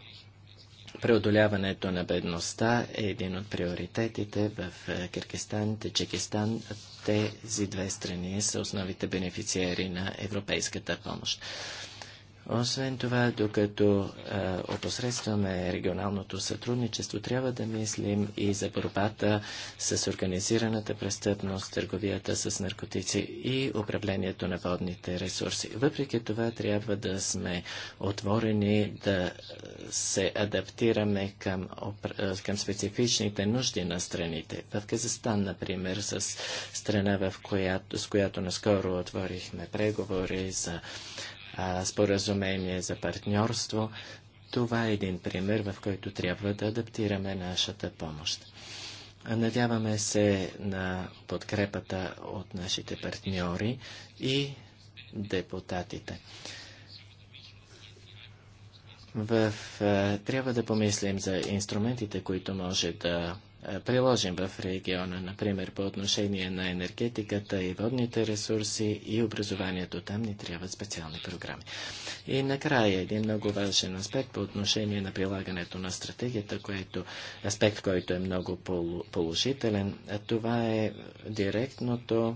Преодоляването на бедността е един от приоритетите в е, Киргистан, Таджикистан. Тези две страни са основните бенефициери на европейската помощ. Освен това, докато е, опосредстваме регионалното сътрудничество, трябва да мислим и за борбата с организираната престъпност, търговията с наркотици и управлението на водните ресурси. Въпреки това, трябва да сме отворени, да е, се адаптираме към, е, към специфичните нужди на страните. В Казахстан, например, с страна, в която, с която наскоро отворихме преговори за а, споразумение за партньорство. Това е един пример, в който трябва да адаптираме нашата помощ. Надяваме се на подкрепата от нашите партньори и депутатите. В, трябва да помислим за инструментите, които може да е, приложим в региона, например по отношение на енергетиката и водните ресурси и образованието. Там ни трябват специални програми. И накрая един много важен аспект по отношение на прилагането на стратегията, което, аспект, който е много положителен, положителен, това е директното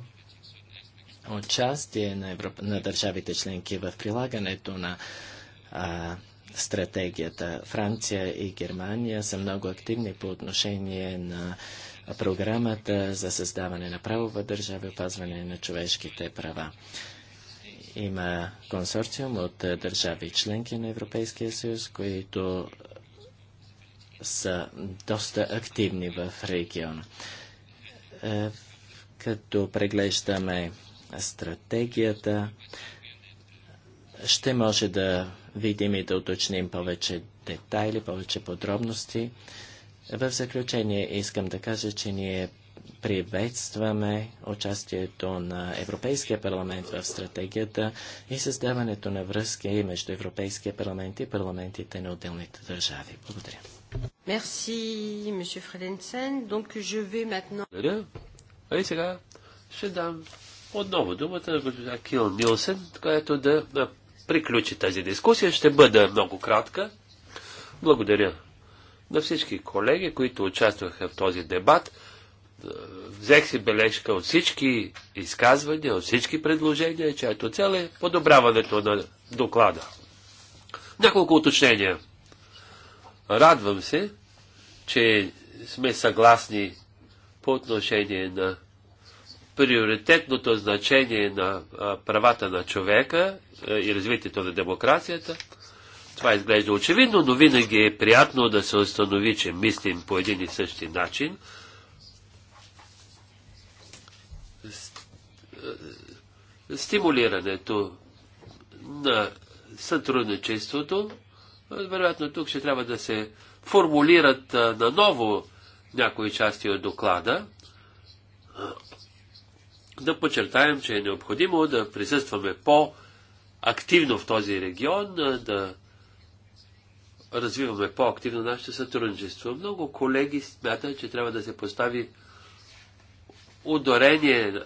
участие на, Европ... на държавите членки в прилагането на а, стратегията. Франция и Германия са много активни по отношение на програмата за създаване на правова държава и опазване на човешките права. Има консорциум от държави членки на Европейския съюз, които са доста активни в региона. Е, като преглеждаме стратегията, ще може да видим и да уточним повече детайли, повече подробности. В заключение искам да кажа, че ние приветстваме участието на Европейския парламент в стратегията и създаването на връзки между Европейския парламент и парламентите на отделните държави. Благодаря. Merci, monsieur Fredensen. Donc, je vais maintenant... Благодаря. А и сега ще дам отново думата на госпожа Кил Нилсен, която да приключи тази дискусия. Ще бъда много кратка. Благодаря на всички колеги, които участваха в този дебат. Взех си бележка от всички изказвания, от всички предложения, чието цел е подобряването на доклада. Няколко уточнения. Радвам се, че сме съгласни по отношение на приоритетното значение на правата на човека и развитието на демокрацията. Това изглежда очевидно, но винаги е приятно да се установи, че мислим по един и същи начин. Стимулирането на сътрудничеството, вероятно тук ще трябва да се формулират наново някои части от доклада, да подчертаем, че е необходимо да присъстваме по-активно в този регион, да развиваме по-активно нашето сътрудничество. Много колеги смятат, че трябва да се постави ударение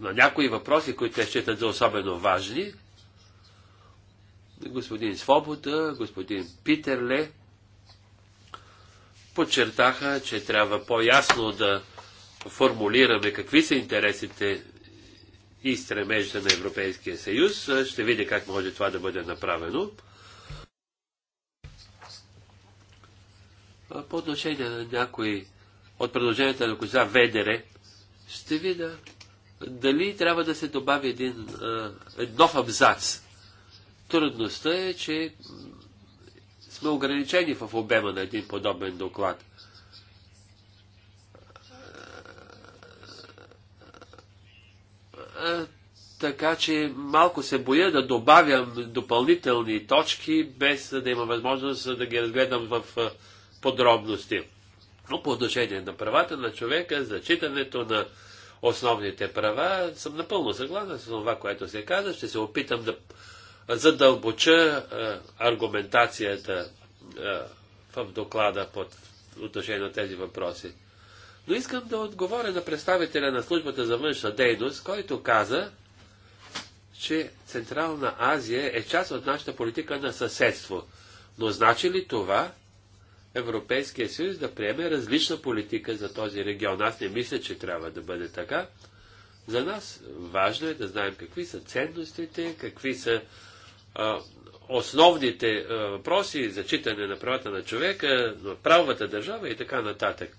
на някои въпроси, които те считат за особено важни. Господин Свобода, господин Питерле подчертаха, че трябва по-ясно да формулираме какви са интересите и стремежа на Европейския съюз. Ще видя как може това да бъде направено. По отношение на някои от предложенията на Коза Ведере, ще видя дали трябва да се добави един нов абзац. Трудността е, че сме ограничени в обема на един подобен доклад. така че малко се боя да добавям допълнителни точки, без да има възможност да ги разгледам в подробности. Но по отношение на правата на човека, зачитането на основните права, съм напълно съгласен с това, което се каза. Ще се опитам да задълбоча аргументацията в доклада под отношение на тези въпроси. Но искам да отговоря на представителя на службата за външна дейност, който каза, че Централна Азия е част от нашата политика на съседство. Но значи ли това Европейския съюз да приеме различна политика за този регион? Аз не мисля, че трябва да бъде така. За нас важно е да знаем какви са ценностите, какви са а, основните а, въпроси за читане на правата на човека, на правовата държава и така нататък.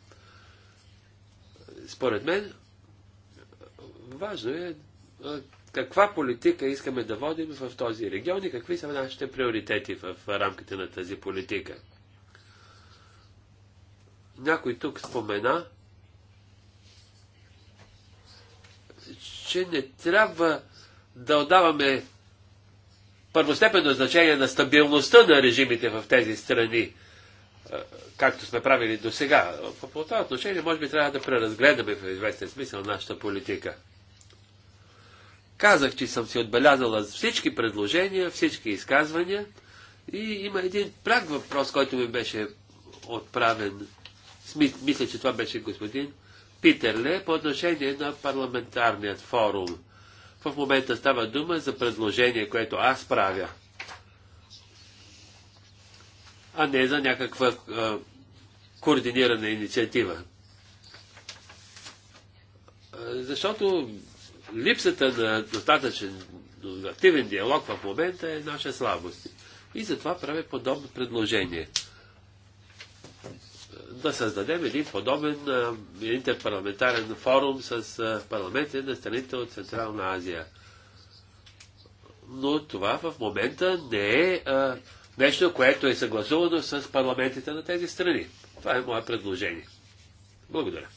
Според мен, важно е каква политика искаме да водим в този регион и какви са нашите приоритети в рамките на тази политика. Някой тук спомена, че не трябва да отдаваме първостепенно значение на стабилността на режимите в тези страни както сме правили до сега. По това отношение, може би трябва да преразгледаме в известен смисъл нашата политика. Казах, че съм си отбелязала всички предложения, всички изказвания и има един пряк въпрос, който ми беше отправен. Мисля, че това беше господин Питерле по отношение на парламентарният форум. В момента става дума за предложение, което аз правя а не за някаква а, координирана инициатива. Защото липсата на достатъчен активен диалог в момента е наша слабост. И затова правя подобно предложение. Да създадем един подобен интерпарламентарен форум с парламентите на страните от Централна Азия. Но това в момента не е а, Нещо, което е съгласувано с парламентите на тези страни. Това е мое предложение. Благодаря.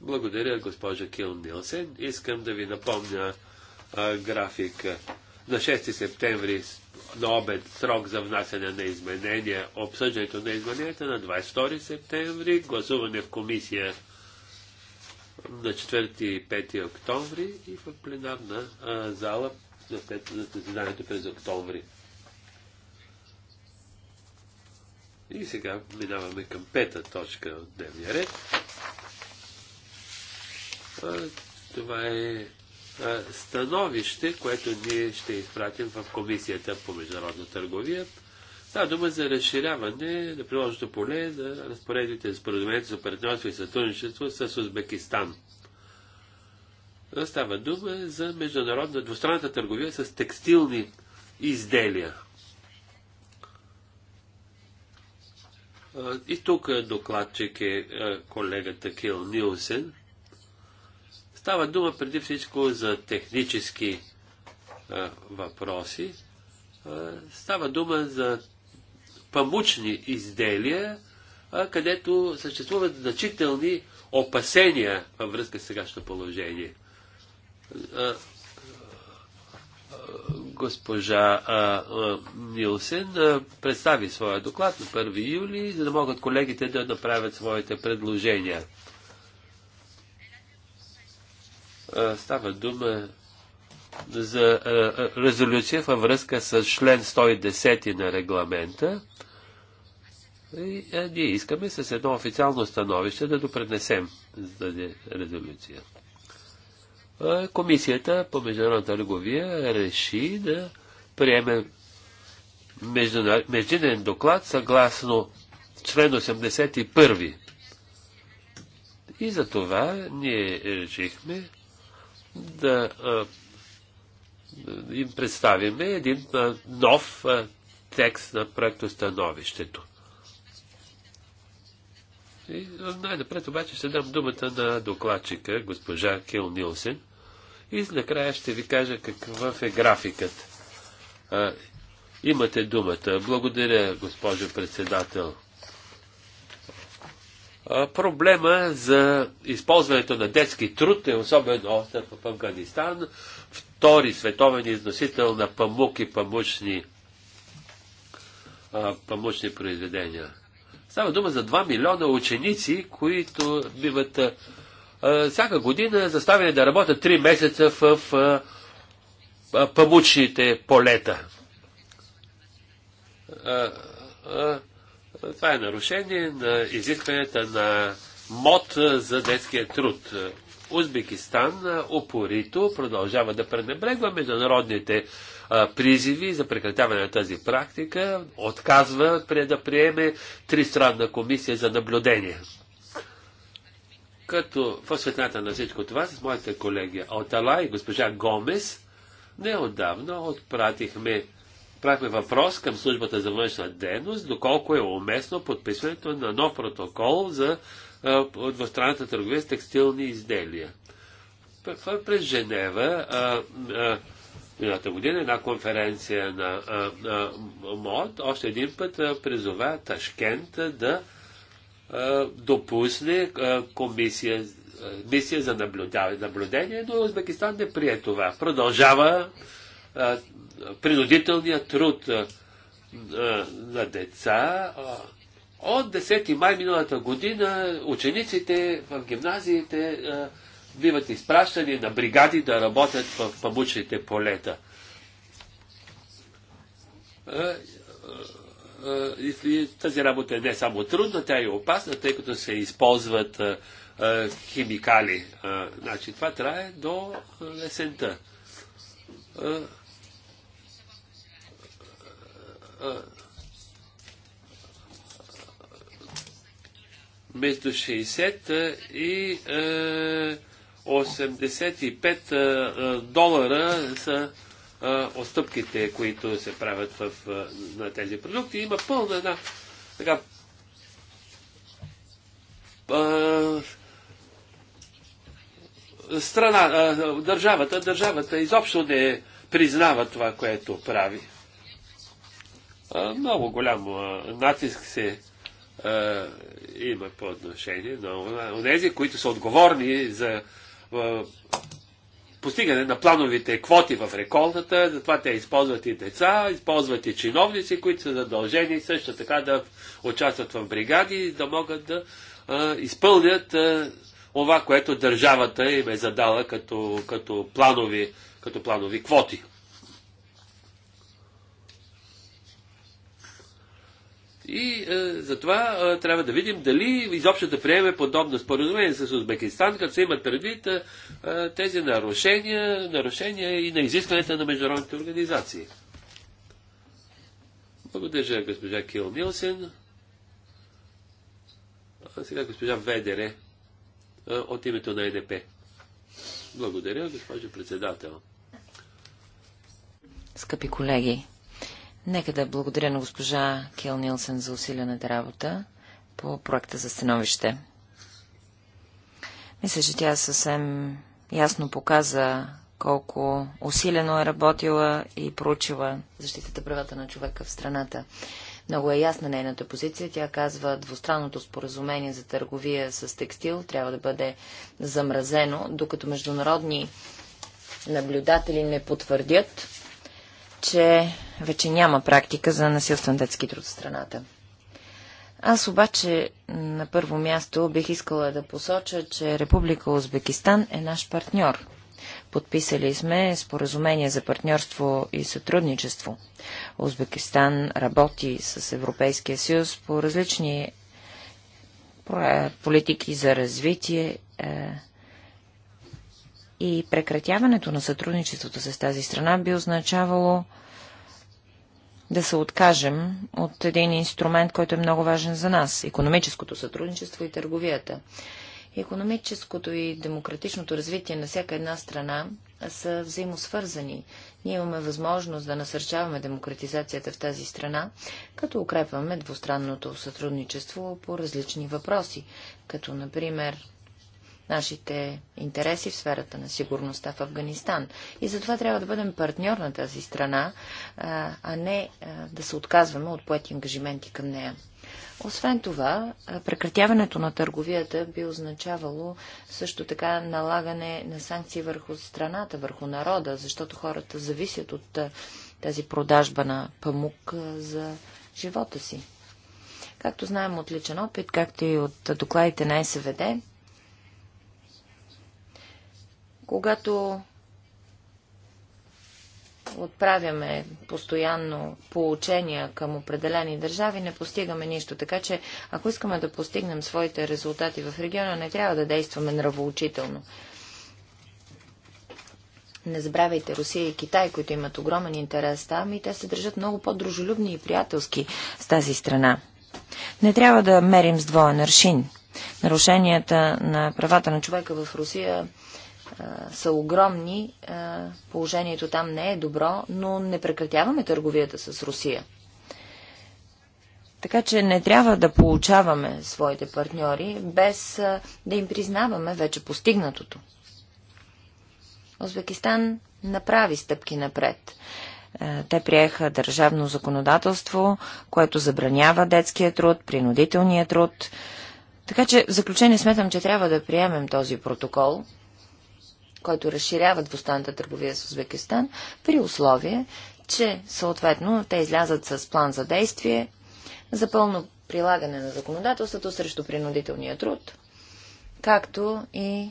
Благодаря, госпожа Кил Нилсен. Искам да ви напомня а, графика. На 6 септември на обед срок за внасяне на изменения, обсъждането на измененията на 22 септември, гласуване в комисия на 4 и 5 октомври и в пленарна а, зала на заседанието през октомври. И сега минаваме към пета точка от дневния ред. Това е становище, което ние ще изпратим в Комисията по международна търговия. Става дума за разширяване на приложното поле на разпоредите за споразумението за партньорство и сътрудничество с Узбекистан. Става дума за международна двустранната търговия с текстилни изделия. И тук е докладчик е колегата Кил Нилсен. Става дума преди всичко за технически въпроси. Става дума за памучни изделия, където съществуват значителни опасения във връзка с сегашното положение. Госпожа а, а, Нилсен а, представи своя доклад на 1 юли, за да могат колегите да направят своите предложения. А, става дума за а, резолюция във връзка с член 110 на регламента. И, а, ние искаме с едно официално становище да допренесем тази резолюция. Комисията по международна търговия реши да приеме междинен доклад съгласно член 81. И за това ние решихме да им представиме един нов текст на становището. И най-напред обаче ще дам думата на докладчика, госпожа Кил Нилсен. И накрая ще ви кажа какъв е графикът. А, имате думата. Благодаря, госпожо председател. А, проблема за използването на детски труд е особено остър в Афганистан. Втори световен износител на памук и памучни, а, памучни произведения. Става дума за 2 милиона ученици, които биват всяка година заставени да работят 3 месеца в, памучните полета. това е нарушение на изискванията на МОД за детския труд. Узбекистан упорито продължава да пренебрегва международните призиви за прекратяване на тази практика, отказва да приеме тристранна комисия за наблюдение. Като в светната на всичко това с моите колеги Отала и госпожа Гомес неодавна отпратихме Правихме въпрос към службата за външна дейност, доколко е уместно подписването на нов протокол за двустранната търговия с текстилни изделия. През Женева а, а, миналата година една конференция на, а, на МОД още един път призова Ташкент да а, допусне а, комисия, а, мисия за наблюдение, наблюдение, но Узбекистан не прие това. Продължава а, принудителният труд а, на деца. от 10 май миналата година учениците в гимназиите а, биват изпращани на бригади да работят в памучните полета. И тази работа е не само трудна, тя е опасна, тъй като се използват химикали. Значи това трае до есента. Между 60 и 85 долара са отстъпките, които се правят в, на тези продукти. Има пълна една така страна, държавата, държавата изобщо не признава това, което прави. много голям натиск се има по отношение на тези, които са отговорни за постигане на плановите квоти в реколтата, затова те използват и деца, използват и чиновници, които са задължени също така да участват в бригади, да могат да а, изпълнят а, това, което държавата им е задала като, като, планови, като планови квоти. И е, затова е, трябва да видим дали изобщо да приеме подобно споразумение с Узбекистан, като се имат предвид е, е, тези нарушения, нарушения и на изискванията на международните организации. Благодаря, госпожа Кил Нилсен. А сега госпожа Ведере е, от името на ЕДП. Благодаря, госпожо председател. Скъпи колеги, Нека да благодаря на госпожа Кел Нилсен за усилената работа по проекта за становище. Мисля, че тя съвсем ясно показа колко усилено е работила и проучила защитата правата на човека в страната. Много е ясна нейната позиция. Тя казва, двустранното споразумение за търговия с текстил трябва да бъде замразено, докато международни наблюдатели не потвърдят, че вече няма практика за насилствен детски труд в страната. Аз обаче на първо място бих искала да посоча, че Република Узбекистан е наш партньор. Подписали сме споразумение за партньорство и сътрудничество. Узбекистан работи с Европейския съюз по различни политики за развитие, е, и прекратяването на сътрудничеството с тази страна би означавало да се откажем от един инструмент, който е много важен за нас – економическото сътрудничество и търговията. Економическото и демократичното развитие на всяка една страна са взаимосвързани. Ние имаме възможност да насърчаваме демократизацията в тази страна, като укрепваме двустранното сътрудничество по различни въпроси, като например нашите интереси в сферата на сигурността в Афганистан. И затова трябва да бъдем партньор на тази страна, а не да се отказваме от поети ангажименти към нея. Освен това, прекратяването на търговията би означавало също така налагане на санкции върху страната, върху народа, защото хората зависят от тази продажба на памук за живота си. Както знаем от личен опит, както и от докладите на СВД, когато отправяме постоянно получения към определени държави, не постигаме нищо. Така че, ако искаме да постигнем своите резултати в региона, не трябва да действаме нравоучително. Не забравяйте Русия и Китай, които имат огромен интерес там и те се държат много по-дружелюбни и приятелски с тази страна. Не трябва да мерим с двоен аршин. Нарушенията на правата на човека в Русия са огромни. Положението там не е добро, но не прекратяваме търговията с Русия. Така че не трябва да получаваме своите партньори, без да им признаваме вече постигнатото. Узбекистан направи стъпки напред. Те приеха държавно законодателство, което забранява детския труд, принудителния труд. Така че в заключение сметам, че трябва да приемем този протокол който разширява двустранната търговия с Узбекистан, при условие, че съответно те излязат с план за действие за пълно прилагане на законодателството срещу принудителния труд, както и е,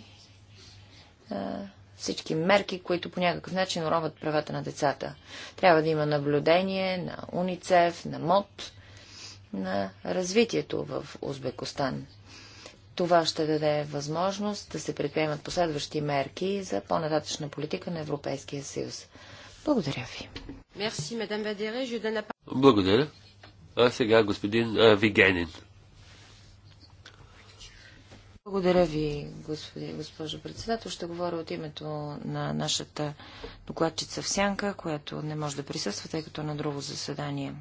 всички мерки, които по някакъв начин уроват правата на децата. Трябва да има наблюдение на УНИЦЕФ, на МОД, на развитието в Узбекостан. Това ще даде възможност да се предприемат последващи мерки за по-нататъчна политика на Европейския съюз. Благодаря ви. Благодаря. А сега господин а, Вигенин. Благодаря ви, господи, госпожо председател. Ще говоря от името на нашата докладчица в Сянка, която не може да присъства, тъй като е на друго заседание.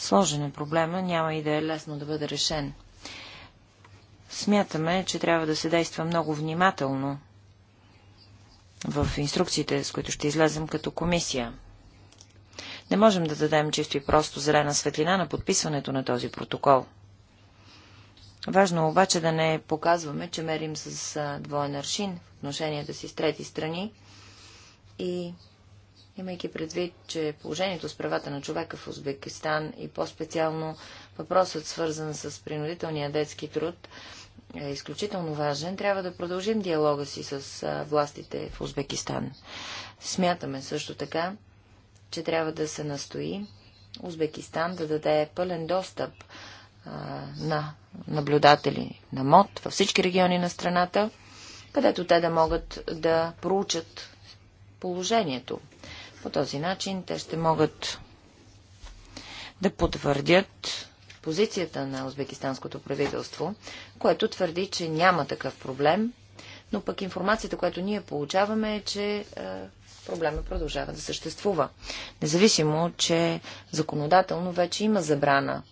Сложен е проблема, няма и да е лесно да бъде решен. Смятаме, че трябва да се действа много внимателно в инструкциите, с които ще излезем като комисия. Не можем да дадем чисто и просто зелена светлина на подписването на този протокол. Важно е обаче да не показваме, че мерим с двоен аршин в отношенията си с трети страни и имайки предвид, че положението с правата на човека в Узбекистан и по-специално въпросът свързан с принудителния детски труд е изключително важен, трябва да продължим диалога си с властите в Узбекистан. Смятаме също така, че трябва да се настои Узбекистан да даде пълен достъп а, на наблюдатели на МОД във всички региони на страната, където те да могат да проучат положението по този начин те ще могат да потвърдят позицията на узбекистанското правителство, което твърди, че няма такъв проблем, но пък информацията, която ние получаваме е, че е, проблема продължава да съществува. Независимо, че законодателно вече има забрана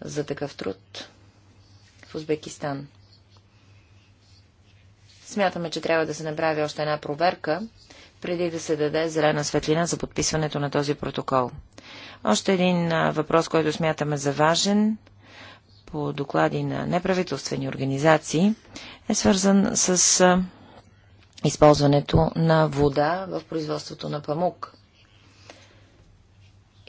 за такъв труд в Узбекистан. Смятаме, че трябва да се направи още една проверка преди да се даде зелена светлина за подписването на този протокол. Още един въпрос, който смятаме за важен по доклади на неправителствени организации, е свързан с използването на вода в производството на памук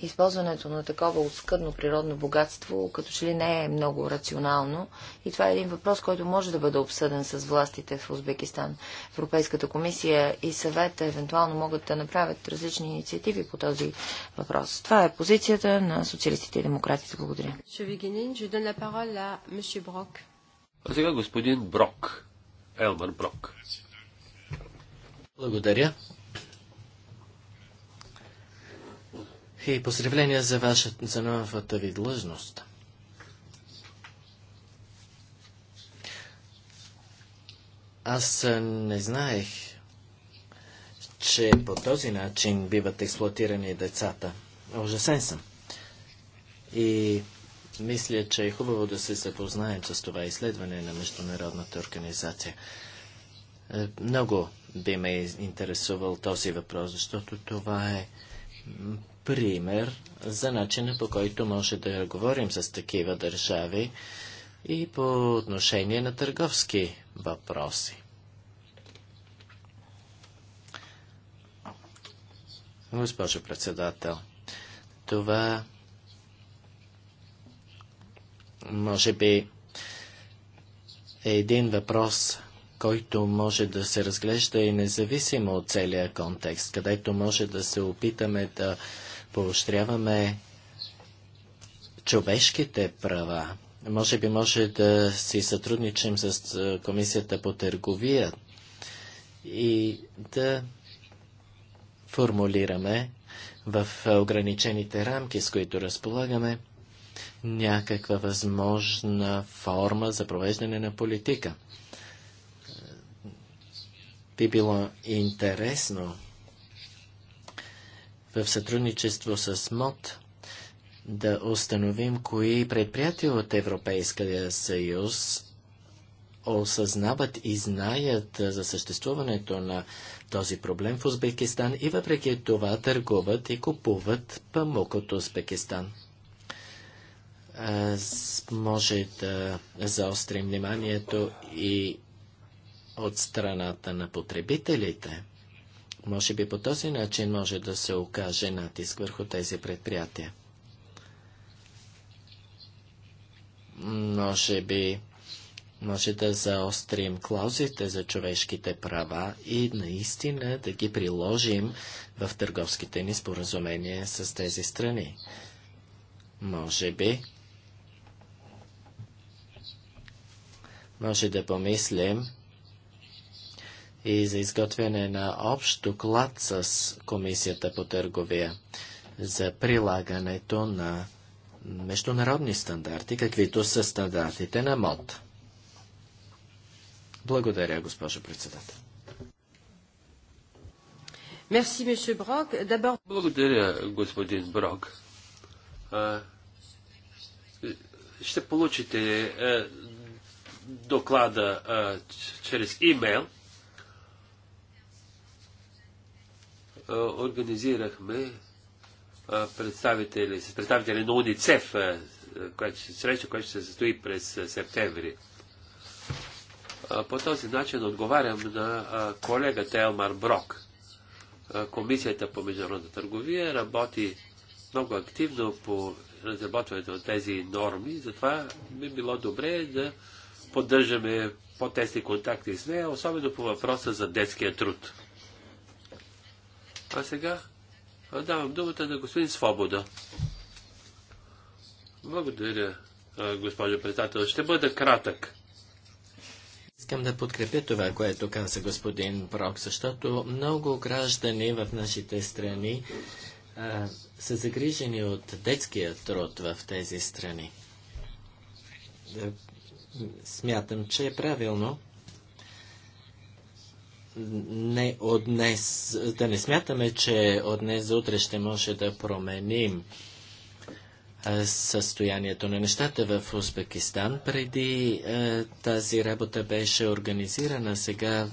използването на такова оскъдно природно богатство като че ли не е много рационално и това е един въпрос, който може да бъде обсъден с властите в Узбекистан. Европейската комисия и съвета евентуално могат да направят различни инициативи по този въпрос. Това е позицията на социалистите и демократите. Благодаря. А сега господин Брок. Елмар Брок. Благодаря. и поздравления за, вашата, за новата ви длъжност. Аз не знаех, че по този начин биват експлуатирани децата. Ужасен съм. И мисля, че е хубаво да се запознаем с това изследване на Международната организация. Е, много би ме интересувал този въпрос, защото това е пример за начина по който може да говорим с такива държави и по отношение на търговски въпроси. Госпожо председател, това може би е един въпрос, който може да се разглежда и независимо от целия контекст, където може да се опитаме да поощряваме човешките права. Може би може да си сътрудничим с Комисията по търговия и да формулираме в ограничените рамки, с които разполагаме, някаква възможна форма за провеждане на политика. Би било интересно в сътрудничество с МОД да установим кои предприятия от Европейския съюз осъзнават и знаят за съществуването на този проблем в Узбекистан и въпреки това търгуват и купуват памук от Узбекистан. Аз може да заострим вниманието и от страната на потребителите – може би по този начин може да се окаже натиск върху тези предприятия. Може би може да заострим клаузите за човешките права и наистина да ги приложим в търговските ни споразумения с тези страни. Може би може да помислим и за изготвяне на общ доклад с Комисията по търговия за прилагането на международни стандарти, каквито са стандартите на МОД. Благодаря, госпожо председател. Благодаря, господин Брок. А, ще получите а, е, доклада а, е, чрез имейл. Е, организирахме е, представители, представители на УНИЦЕФ, е, която ще среща, която ще се състои през септември. По този начин отговарям на колегата Елмар Брок. Комисията по международна търговия работи много активно по разработването на тези норми, затова би било добре да поддържаме по-тесни контакти с нея, особено по въпроса за детския труд. А сега давам думата на господин Свобода. Благодаря, госпожо председател. Ще бъда кратък. Искам да подкрепя това, което каза господин Брок, защото много граждани в нашите страни а, са загрижени от детския труд в тези страни. Смятам, че е правилно не от днес, да не смятаме, че от днес за утре ще може да променим състоянието на нещата в Узбекистан. Преди тази работа беше организирана, сега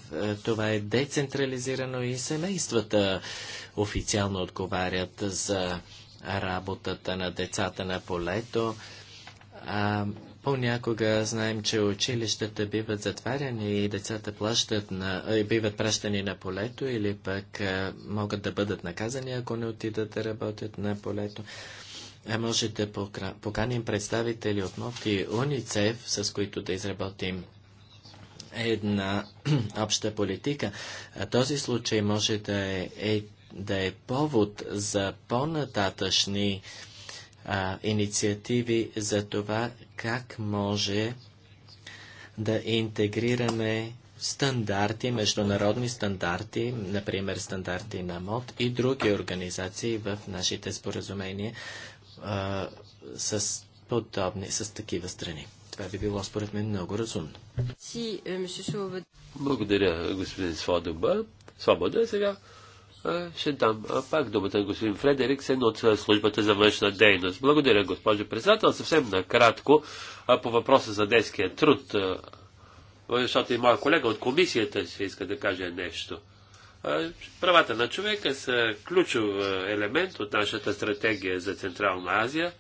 това е децентрализирано и семействата официално отговарят за работата на децата на полето. А, Понякога знаем, че училищата биват затваряни и децата плащат на, биват пращани на полето или пък могат да бъдат наказани, ако не отидат да работят на полето. А може да поканим представители от МОФИ уницев, УНИЦЕФ, с които да изработим една обща политика. А този случай може да е, е, да е повод за по-нататъчни а, инициативи за това как може да интегрираме стандарти, международни стандарти, например стандарти на МОД и други организации в нашите споразумения а, с подобни, с такива страни. Това би било според мен много разумно. Е, е Благодаря, господин Свобода. Свобода е сега ще дам пак думата на господин Фредерик, от службата за външна дейност. Благодаря, госпожо председател. Съвсем накратко по въпроса за детския труд, защото и моя колега от комисията ще иска да каже нещо. Правата на човека са ключов елемент от нашата стратегия за Централна Азия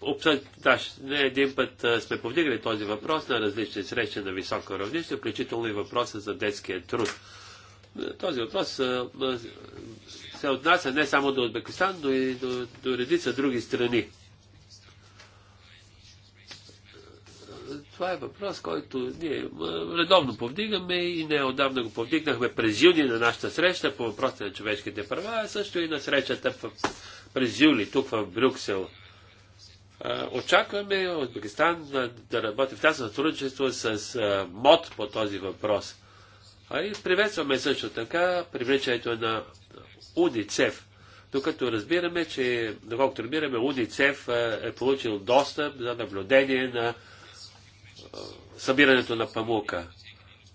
обсъд, да, не един път сме повдигали този въпрос на различни срещи на високо равнище, включително и въпроса за детския труд. Този въпрос се отнася не само до Узбекистан, но и до, до редица други страни. Това е въпрос, който ние редовно повдигаме и не отдавна го повдигнахме през юни на нашата среща по въпроса на човешките права, а също и на срещата през юли тук в Брюксел. Очакваме Узбекистан да, да работи в тясно сътрудничество с МОД по този въпрос. А и приветстваме също така привличането на УНИЦЕФ. Докато разбираме, че, доколкото разбираме, УНИЦЕФ е получил достъп за наблюдение на събирането на памука.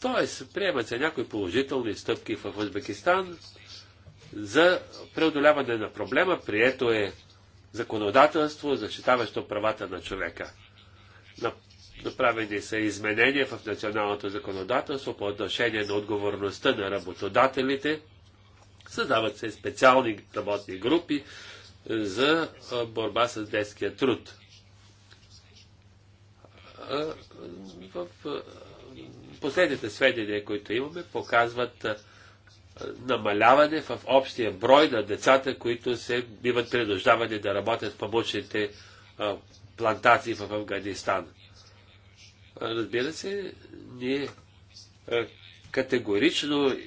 Тоест, приемат се някои положителни стъпки в Узбекистан за преодоляване на проблема. Прието е законодателство, защитаващо правата на човека. Направени са изменения в националното законодателство по отношение на отговорността на работодателите. Създават се специални работни групи е, за е, борба с детския труд. Е, в последните сведения, които имаме, показват намаляване в общия брой на децата, които се биват принуждавани да работят в помощните плантации в Афганистан. Разбира се, ние категорично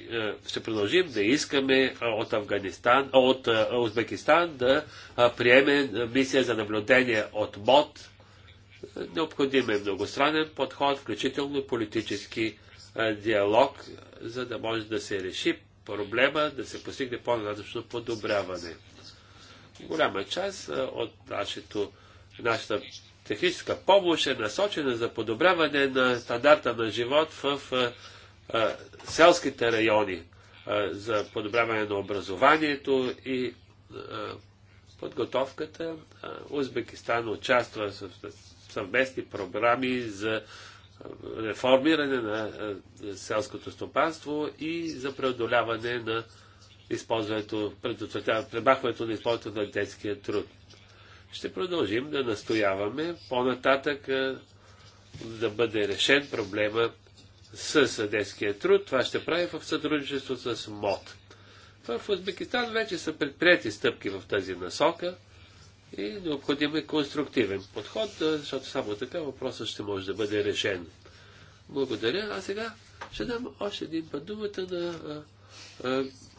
ще продължим да искаме от Афганистан, от Узбекистан да приеме мисия за наблюдение от МОД. Необходим е многостранен подход, включително политически диалог, за да може да се реши проблема, да се постигне по-нататъчно подобряване. Голяма част от нашето, нашата техническа помощ е насочена за подобряване на стандарта на живот в селските райони, за подобряване на образованието и подготовката. Узбекистан участва в съвместни програми за реформиране на селското стопанство и за преодоляване на използването, премахването на използването на детския труд. Ще продължим да настояваме по-нататък да бъде решен проблема с детския труд. Това ще прави в сътрудничество с МОД. В Узбекистан вече са предприяти стъпки в тази насока – и необходим е конструктивен подход, защото само така въпросът ще може да бъде решен. Благодаря. А сега ще дам още един път думата на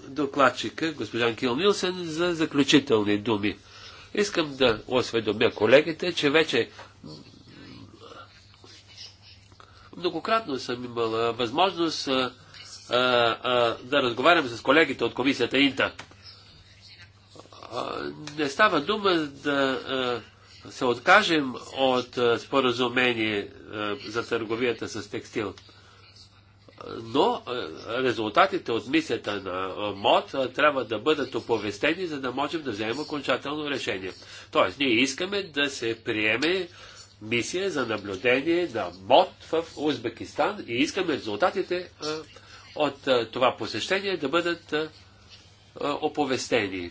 докладчика, госпожан Кил Нилсен, за заключителни думи. Искам да осведомя колегите, че вече многократно съм имал възможност а, а, да разговарям с колегите от комисията Инта не става дума да се откажем от споразумение за търговията с текстил. Но резултатите от мисията на МОД трябва да бъдат оповестени, за да можем да вземем окончателно решение. Тоест, ние искаме да се приеме мисия за наблюдение на МОД в Узбекистан и искаме резултатите от това посещение да бъдат оповестени.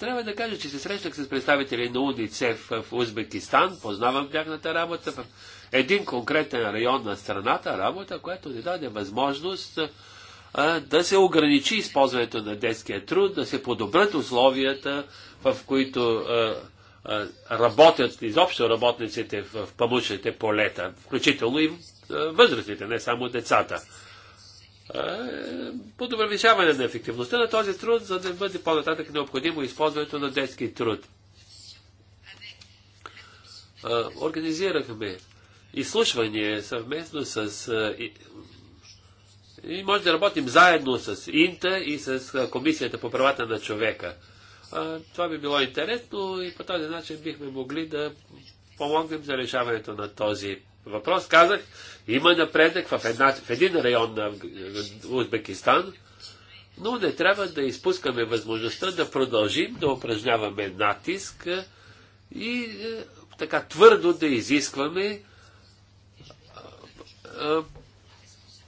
Трябва да кажа, че се срещнах с представители на УНИЦЕФ в Узбекистан, познавам тяхната работа в един конкретен район на страната, работа, която ни даде възможност да се ограничи използването на детския труд, да се подобрят условията, в които работят изобщо работниците в, в памучните полета, включително и възрастните, не само децата. Е, подобравишаване на ефективността на този труд, за да бъде по-нататък необходимо използването на детски труд. Е, организирахме изслушване съвместно с... Е, и може да работим заедно с Инта и с Комисията по правата на човека. Това би било интересно и по този начин бихме могли да помогнем за решаването на този въпрос казах, има напредък в, една, в един район на Узбекистан, но не трябва да изпускаме възможността да продължим да упражняваме натиск е, и е, така твърдо да изискваме е,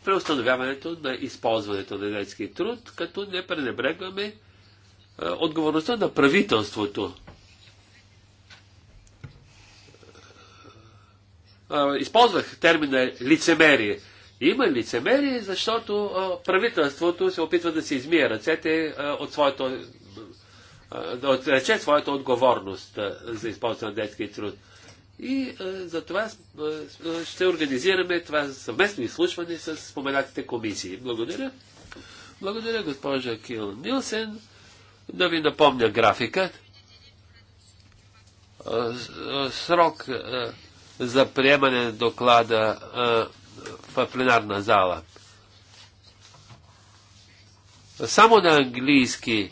преустановяването на използването на детски труд, като не пренебрегваме отговорността на правителството използвах термина лицемерие. Има лицемерие, защото правителството се опитва да се измие ръцете от своето да отрече своята отговорност за използване на детски труд. И за това ще организираме това съвместно изслушване с споменатите комисии. Благодаря. Благодаря, госпожа Кил Нилсен. Да ви напомня графикът. Срок за приемане на доклада в пленарна зала. Само на английски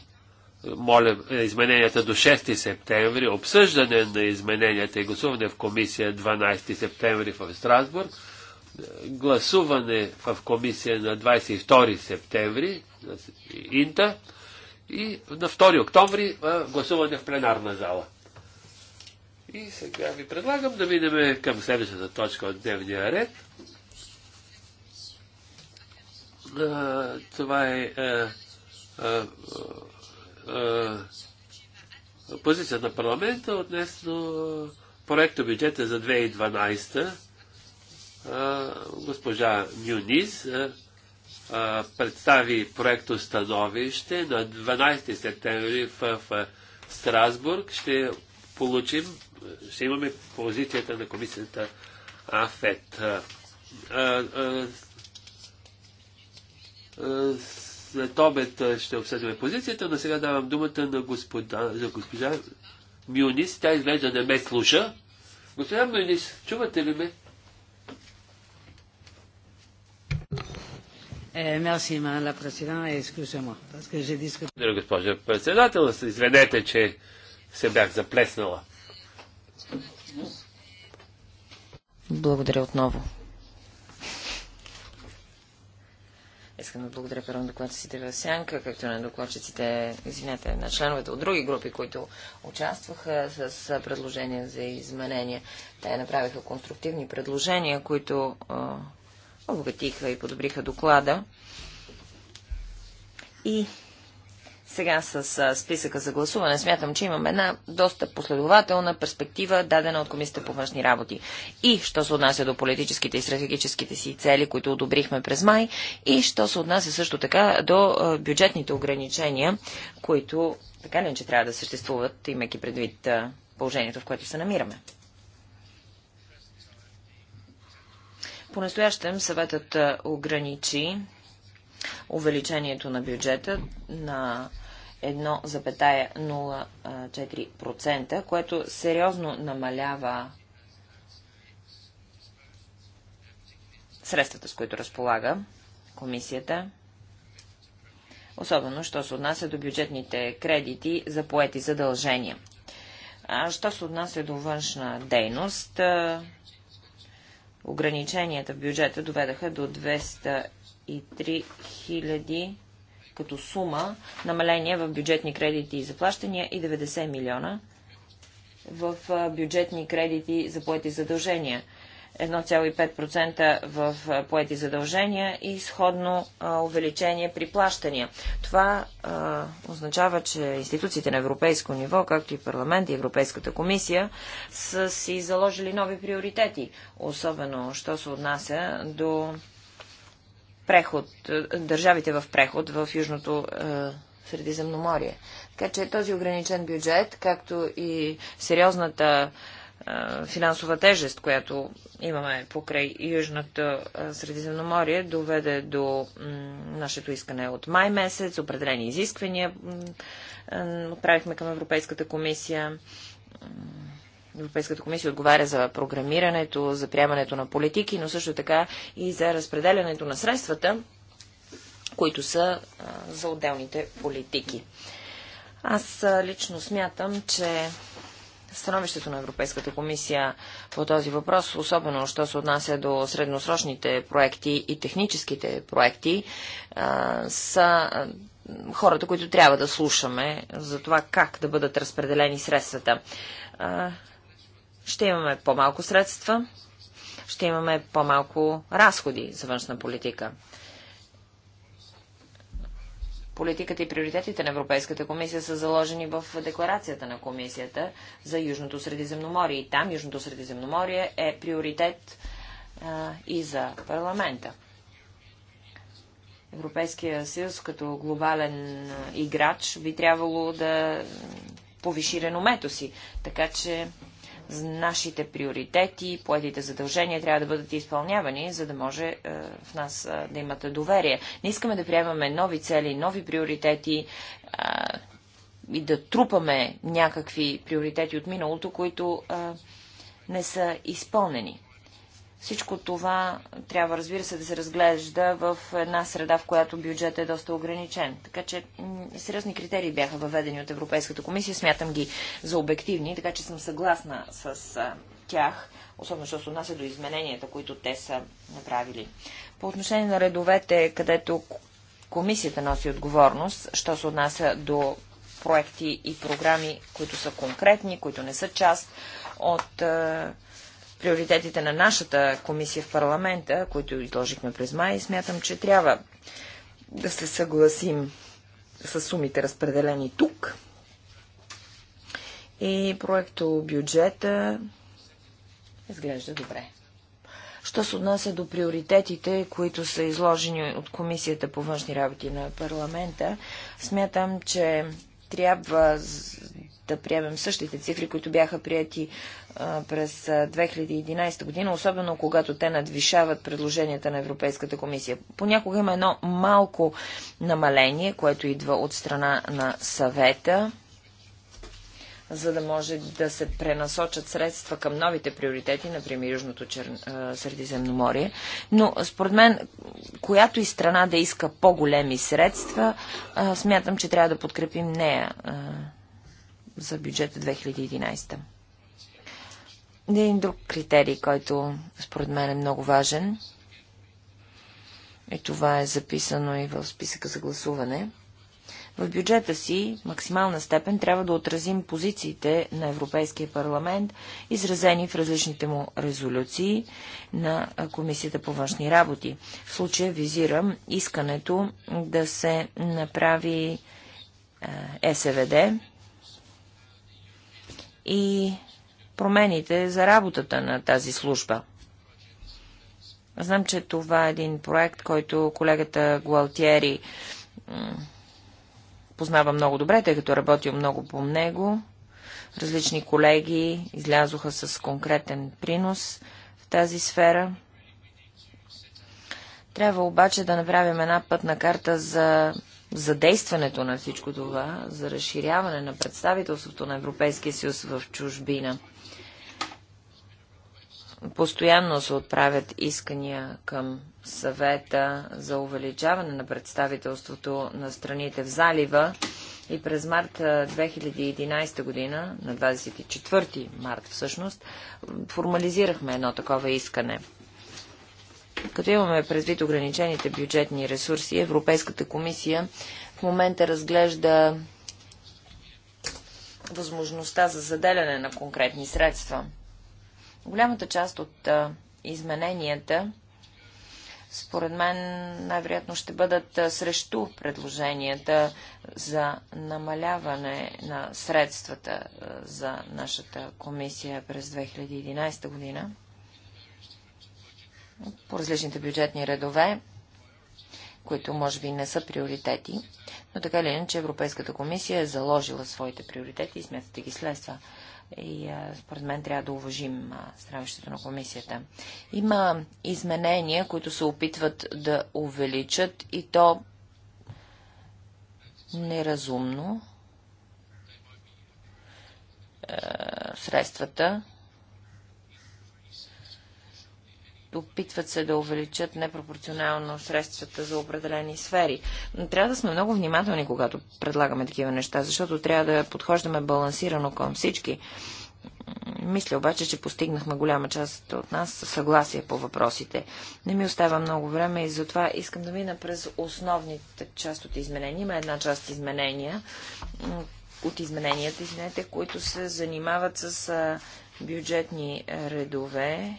моля измененията до 6 септември, обсъждане на измененията и гласуване в комисия 12 септември в Страсбург, гласуване в комисия на 22 септември, Инта, и на 2 октомври гласуване в пленарна зала. И сега ви предлагам да минем към следващата точка от дневния ред. Това е позиция на парламента относно проекта бюджета за 2012 госпожа Нюниз представи проекто становище на 12 септември в, в Страсбург. Ще получим, ще имаме позицията на комисията АФЕТ. След обед ще обсъдим позицията, но сега давам думата на господа, за госпожа Мюнис. Тя изглежда не ме слуша. Господа Мюнис, чувате ли ме? Благодаря, е, е, госпожа председател. Извинете, че се бях заплеснала. Благодаря отново. Искам да благодаря първо на докладчиците в Сянка, както на докладчиците, извинете, на членовете от други групи, които участваха с предложения за изменения. Те направиха конструктивни предложения, които а, обогатиха и подобриха доклада. И сега с списъка за гласуване смятам, че имам една доста последователна перспектива, дадена от Комисията по външни работи. И що се отнася до политическите и стратегическите си цели, които одобрихме през май, и що се отнася също така до бюджетните ограничения, които така ли, че трябва да съществуват, имайки предвид положението, в което се намираме. По-настоящем съветът ограничи увеличението на бюджета на 1,04%, което сериозно намалява средствата, с които разполага комисията, особено, що се отнася до бюджетните кредити за поети задължения. А що се отнася до външна дейност, ограниченията в бюджета доведаха до 203 000 като сума намаление в бюджетни кредити и заплащания и 90 милиона в бюджетни кредити за поети задължения. 1,5% в поети задължения и сходно увеличение при плащания. Това а, означава, че институциите на европейско ниво, както и парламент и Европейската комисия, са си заложили нови приоритети, особено що се отнася до преход, е, държавите в преход в Южното е, Средиземноморие. Така че този ограничен бюджет, както и сериозната е, финансова тежест, която имаме покрай Южното е, Средиземноморие, доведе до нашето искане от май месец, определени изисквания е, отправихме към Европейската комисия Европейската комисия отговаря за програмирането, за приемането на политики, но също така и за разпределянето на средствата, които са а, за отделните политики. Аз лично смятам, че становището на Европейската комисия по този въпрос, особено що се отнася до средносрочните проекти и техническите проекти, а, са хората, които трябва да слушаме за това как да бъдат разпределени средствата ще имаме по-малко средства, ще имаме по-малко разходи за външна политика. Политиката и приоритетите на Европейската комисия са заложени в декларацията на комисията за Южното Средиземноморие. И там Южното Средиземноморие е приоритет а, и за парламента. Европейския съюз като глобален играч би трябвало да повиши реномето си. Така че нашите приоритети, поетите задължения трябва да бъдат изпълнявани, за да може е, в нас е, да имате доверие. Не искаме да приемаме нови цели, нови приоритети е, и да трупаме някакви приоритети от миналото, които не са изпълнени. Всичко това трябва, разбира се, да се разглежда в една среда, в която бюджетът е доста ограничен. Така че сериозни критерии бяха въведени от Европейската комисия. Смятам ги за обективни, така че съм съгласна с а, тях, особено що се отнася до измененията, които те са направили. По отношение на редовете, където комисията носи отговорност, що се отнася до проекти и програми, които са конкретни, които не са част от а, приоритетите на нашата комисия в парламента, които изложихме през май, смятам, че трябва да се съгласим с сумите разпределени тук. И проекто бюджета изглежда добре. Що се отнася до приоритетите, които са изложени от Комисията по външни работи на парламента, смятам, че трябва да приемем същите цифри, които бяха прияти през 2011 година, особено когато те надвишават предложенията на Европейската комисия. Понякога има едно малко намаление, което идва от страна на съвета, за да може да се пренасочат средства към новите приоритети, например Южното Чер... Средиземноморие. Но според мен, която и страна да иска по-големи средства, смятам, че трябва да подкрепим нея за бюджета 2011. Един друг критерий, който според мен е много важен, и това е записано и в списъка за гласуване, в бюджета си максимална степен трябва да отразим позициите на Европейския парламент, изразени в различните му резолюции на Комисията по външни работи. В случая визирам искането да се направи е, СВД и промените за работата на тази служба. Знам, че това е един проект, който колегата Гуалтиери познава много добре, тъй като е работил много по него. Различни колеги излязоха с конкретен принос в тази сфера. Трябва обаче да направим една пътна карта за за действането на всичко това, за разширяване на представителството на Европейския съюз в чужбина. Постоянно се отправят искания към съвета за увеличаване на представителството на страните в залива и през март 2011 година, на 24 март всъщност, формализирахме едно такова искане – като имаме предвид ограничените бюджетни ресурси, Европейската комисия в момента разглежда възможността за заделяне на конкретни средства. Голямата част от измененията, според мен, най-вероятно ще бъдат срещу предложенията за намаляване на средствата за нашата комисия през 2011 година по различните бюджетни редове, които може би не са приоритети, но така или иначе Европейската комисия е заложила своите приоритети и смятате ги следства. И според мен трябва да уважим становището на комисията. Има изменения, които се опитват да увеличат и то неразумно средствата опитват се да увеличат непропорционално средствата за определени сфери. Но трябва да сме много внимателни, когато предлагаме такива неща, защото трябва да подхождаме балансирано към всички. Мисля обаче, че постигнахме голяма част от нас съгласие по въпросите. Не ми остава много време и затова искам да мина през основните част от изменения. Има една част изменения, от измененията, извинете, които се занимават с бюджетни редове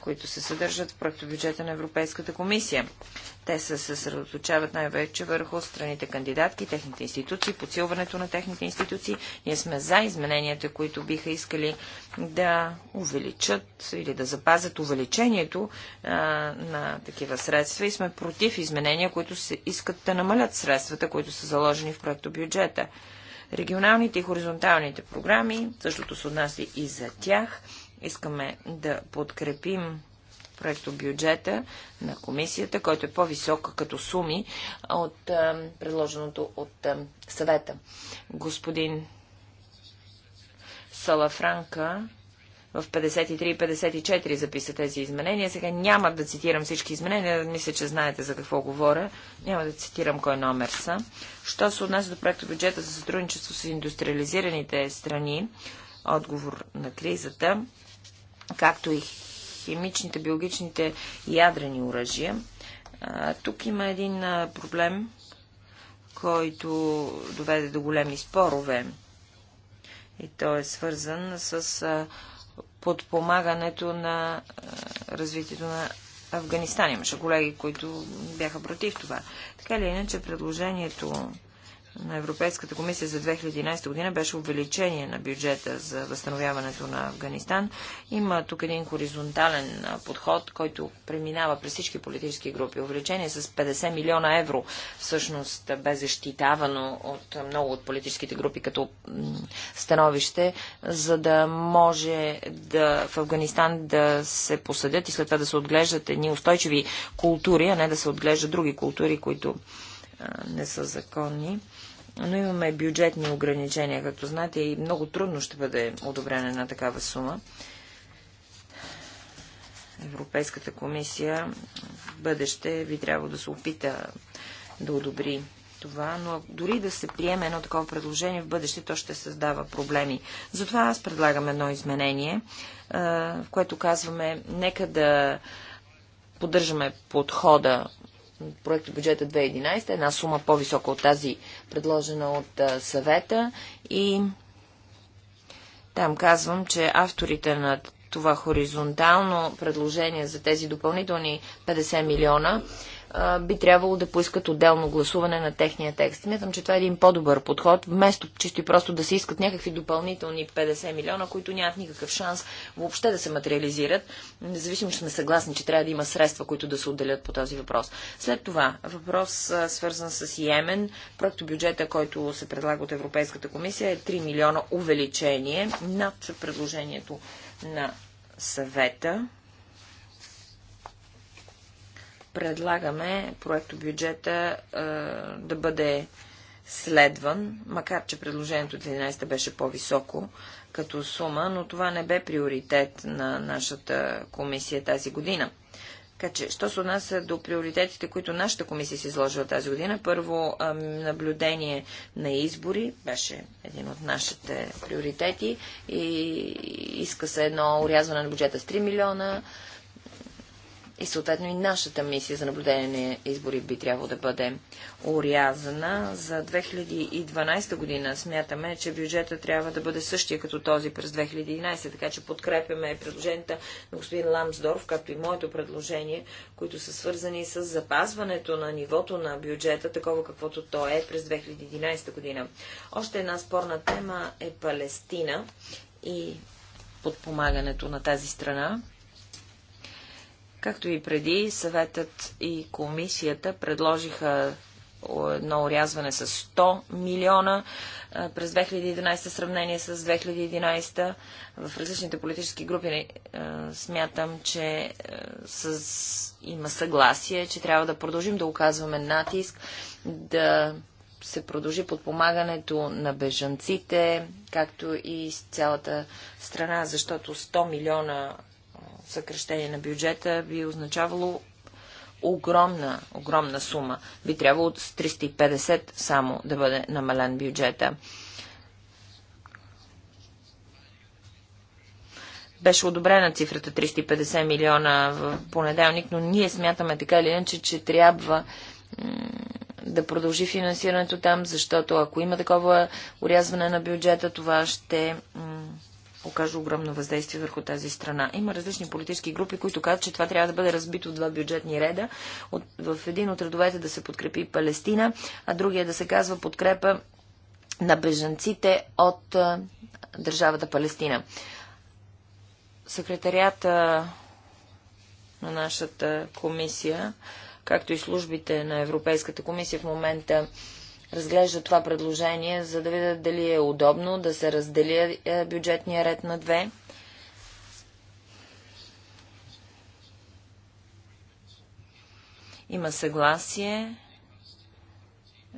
които се съдържат в проектобюджета на Европейската комисия. Те се съсредоточават най-вече върху страните кандидатки, техните институции, подсилването на техните институции. Ние сме за измененията, които биха искали да увеличат или да запазят увеличението а, на такива средства и сме против изменения, които се искат да намалят средствата, които са заложени в проектобюджета. Регионалните и хоризонталните програми, същото се отнася и за тях – Искаме да подкрепим проекто бюджета на комисията, който е по-висок като суми от е, предложеното от е, съвета. Господин Салафранка в 53 и 54 записа тези изменения. Сега няма да цитирам всички изменения, мисля, че знаете за какво говоря. Няма да цитирам кой номер са. Що се отнася до проекта бюджета за сътрудничество с индустриализираните страни, отговор на кризата, както и химичните, биологичните и ядрени оръжия. Тук има един проблем, който доведе до големи спорове. И той е свързан с подпомагането на развитието на Афганистан. Имаше колеги, които бяха против това. Така или иначе, предложението на Европейската комисия за 2011 година беше увеличение на бюджета за възстановяването на Афганистан. Има тук един хоризонтален подход, който преминава през всички политически групи. Увеличение с 50 милиона евро всъщност бе защитавано от много от политическите групи като становище, за да може да, в Афганистан да се посъдят и след това да се отглеждат едни устойчиви култури, а не да се отглеждат други култури, които не са законни но имаме бюджетни ограничения, както знаете, и много трудно ще бъде одобрена на такава сума. Европейската комисия в бъдеще би трябвало да се опита да одобри това, но дори да се приеме едно такова предложение в бъдеще, то ще създава проблеми. Затова аз предлагам едно изменение, в което казваме, нека да поддържаме подхода проекта бюджета 2011, една сума по-висока от тази предложена от съвета и там казвам, че авторите на това хоризонтално предложение за тези допълнителни 50 милиона би трябвало да поискат отделно гласуване на техния текст. Мятам, че това е един по-добър подход, вместо чисто и просто да се искат някакви допълнителни 50 милиона, които нямат никакъв шанс въобще да се материализират, независимо, че сме съгласни, че трябва да има средства, които да се отделят по този въпрос. След това, въпрос свързан с Йемен, проекто бюджета, който се предлага от Европейската комисия е 3 милиона увеличение над предложението на съвета предлагаме проекто бюджета е, да бъде следван, макар че предложението от 11 беше по-високо като сума, но това не бе приоритет на нашата комисия тази година. Така че, що се отнася до приоритетите, които нашата комисия си изложила тази година, първо е, наблюдение на избори беше един от нашите приоритети и иска се едно урязване на бюджета с 3 милиона, и съответно и нашата мисия за наблюдение на избори би трябвало да бъде урязана. За 2012 година смятаме, че бюджета трябва да бъде същия като този през 2011, така че подкрепяме предложенията на господин Ламсдорф, както и моето предложение, които са свързани с запазването на нивото на бюджета, такова каквото то е през 2011 година. Още една спорна тема е Палестина и подпомагането на тази страна. Както и преди, съветът и комисията предложиха едно урязване с 100 милиона през 2011 сравнение с 2011. В различните политически групи смятам, че с... има съгласие, че трябва да продължим да оказваме натиск, да се продължи подпомагането на бежанците, както и с цялата страна, защото 100 милиона съкрещение на бюджета би означавало огромна, огромна сума. Би трябвало с 350 само да бъде намален бюджета. беше одобрена цифрата 350 милиона в понеделник, но ние смятаме така или иначе, че трябва да продължи финансирането там, защото ако има такова урязване на бюджета, това ще окаже огромно въздействие върху тази страна. Има различни политически групи, които казват, че това трябва да бъде разбито от два бюджетни реда. От, в един от редовете да се подкрепи Палестина, а другия да се казва подкрепа на бежанците от а, държавата Палестина. Секретарията на нашата комисия, както и службите на Европейската комисия в момента разглеждат това предложение, за да видят дали е удобно да се раздели е, бюджетния ред на две. Има съгласие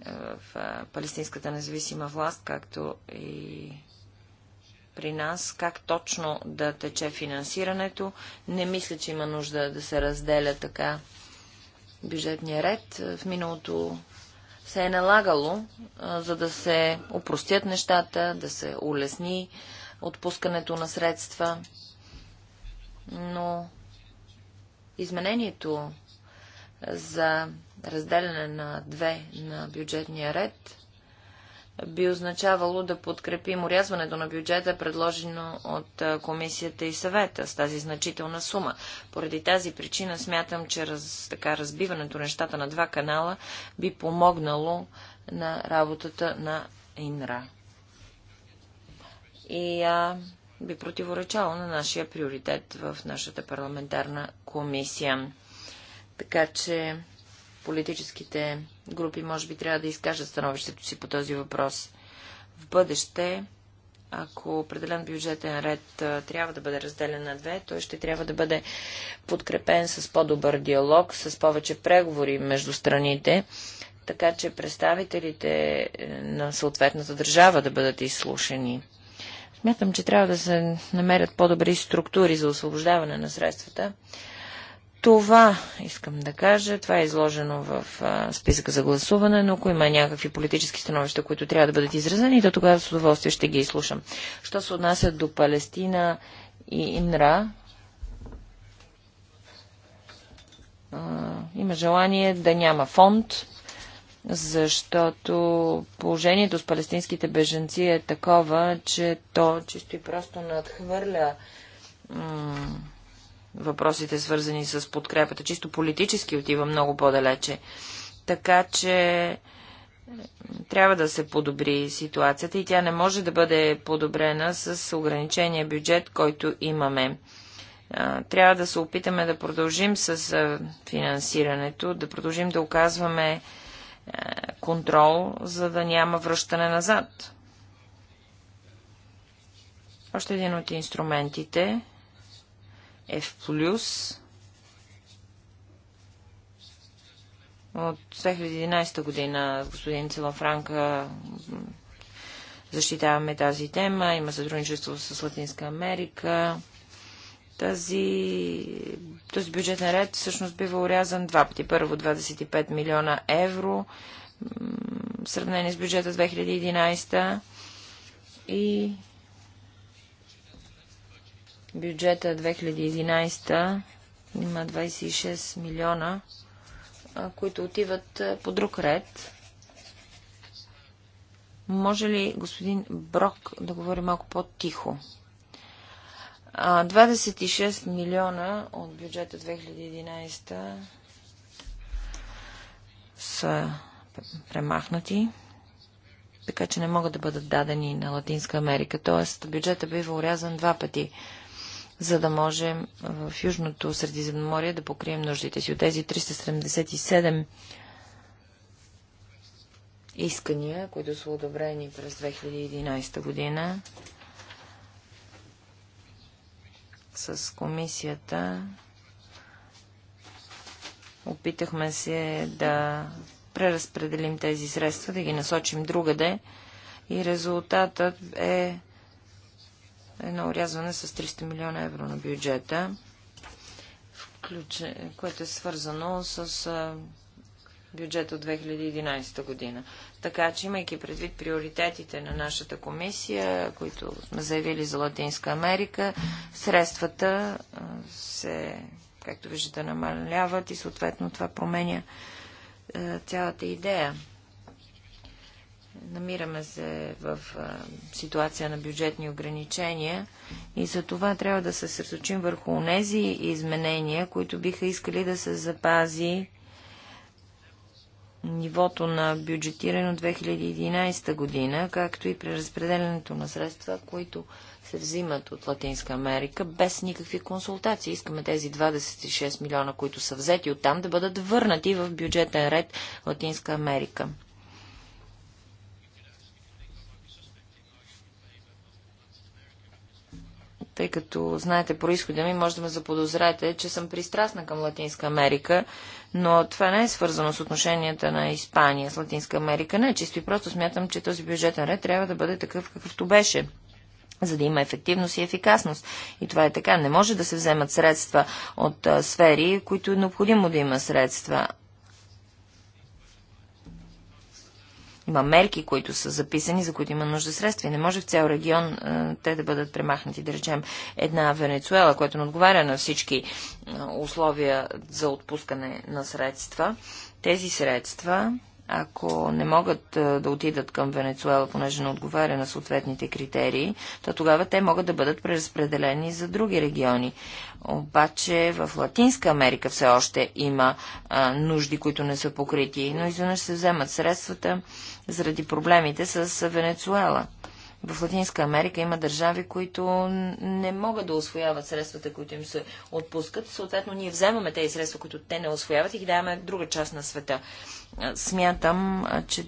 е, в е, Палестинската независима власт, както и при нас, как точно да тече финансирането. Не мисля, че има нужда да се разделя така бюджетния ред. В миналото се е налагало, за да се упростят нещата, да се улесни отпускането на средства. Но изменението за разделяне на две на бюджетния ред би означавало да подкрепим урязването на бюджета, предложено от комисията и съвета с тази значителна сума. Поради тази причина смятам, че раз, така разбиването нещата на два канала би помогнало на работата на ИНРА. И а, би противоречало на нашия приоритет в нашата парламентарна комисия. Така че Политическите групи може би трябва да изкажат становището си по този въпрос. В бъдеще, ако определен бюджетен ред трябва да бъде разделен на две, той ще трябва да бъде подкрепен с по-добър диалог, с повече преговори между страните, така че представителите е, на съответната държава да бъдат изслушани. Смятам, че трябва да се намерят по-добри структури за освобождаване на средствата, това искам да кажа. Това е изложено в а, списъка за гласуване, но ако има някакви политически становища, които трябва да бъдат изразени, то тогава с удоволствие ще ги изслушам. Що се отнася до Палестина и Инра, а, има желание да няма фонд, защото положението с палестинските беженци е такова, че то чисто и просто надхвърля въпросите свързани с подкрепата. Чисто политически отива много по-далече. Така че трябва да се подобри ситуацията и тя не може да бъде подобрена с ограничения бюджет, който имаме. Трябва да се опитаме да продължим с финансирането, да продължим да оказваме контрол, за да няма връщане назад. Още един от инструментите F+, от 2011 година господин Целофранка защитаваме тази тема. Има сътрудничество с Латинска Америка. Тази, този бюджетен ред всъщност бива урязан два пъти. Първо 25 милиона евро в сравнение с бюджета 2011 и бюджета 2011 има 26 милиона, които отиват по друг ред. Може ли господин Брок да говори малко по-тихо? 26 милиона от бюджета 2011 са премахнати, така че не могат да бъдат дадени на Латинска Америка. Тоест бюджета бива урязан два пъти за да можем в Южното Средиземноморие да покрием нуждите си. От тези 377 искания, които са одобрени през 2011 година с комисията, опитахме се да преразпределим тези средства, да ги насочим другаде и резултатът е едно урязване с 300 милиона евро на бюджета, което е свързано с бюджет от 2011 година. Така че, имайки предвид приоритетите на нашата комисия, които сме заявили за Латинска Америка, средствата се, както виждате, намаляват и съответно това променя цялата идея намираме се в ситуация на бюджетни ограничения и за това трябва да се съсредоточим върху тези изменения, които биха искали да се запази нивото на бюджетиране от 2011 година, както и при разпределенето на средства, които се взимат от Латинска Америка без никакви консултации. Искаме тези 26 милиона, които са взети оттам, да бъдат върнати в бюджетен ред Латинска Америка. тъй като знаете происхода ми, може да ме заподозрете, че съм пристрастна към Латинска Америка, но това не е свързано с отношенията на Испания с Латинска Америка. Не, чисто и просто смятам, че този бюджетен ред трябва да бъде такъв, какъвто беше за да има ефективност и ефикасност. И това е така. Не може да се вземат средства от а, сфери, които е необходимо да има средства, Има мерки, които са записани, за които има нужда средства и не може в цял регион а, те да бъдат премахнати. Да речем една Венецуела, която не отговаря на всички а, условия за отпускане на средства. Тези средства ако не могат да отидат към Венецуела, понеже не отговаря на съответните критерии, то тогава те могат да бъдат преразпределени за други региони. Обаче в Латинска Америка все още има а, нужди, които не са покрити, но изведнъж се вземат средствата заради проблемите с Венецуела. В Латинска Америка има държави, които не могат да освояват средствата, които им се отпускат. Съответно, ние вземаме тези средства, които те не освояват и ги даваме друга част на света. Смятам, че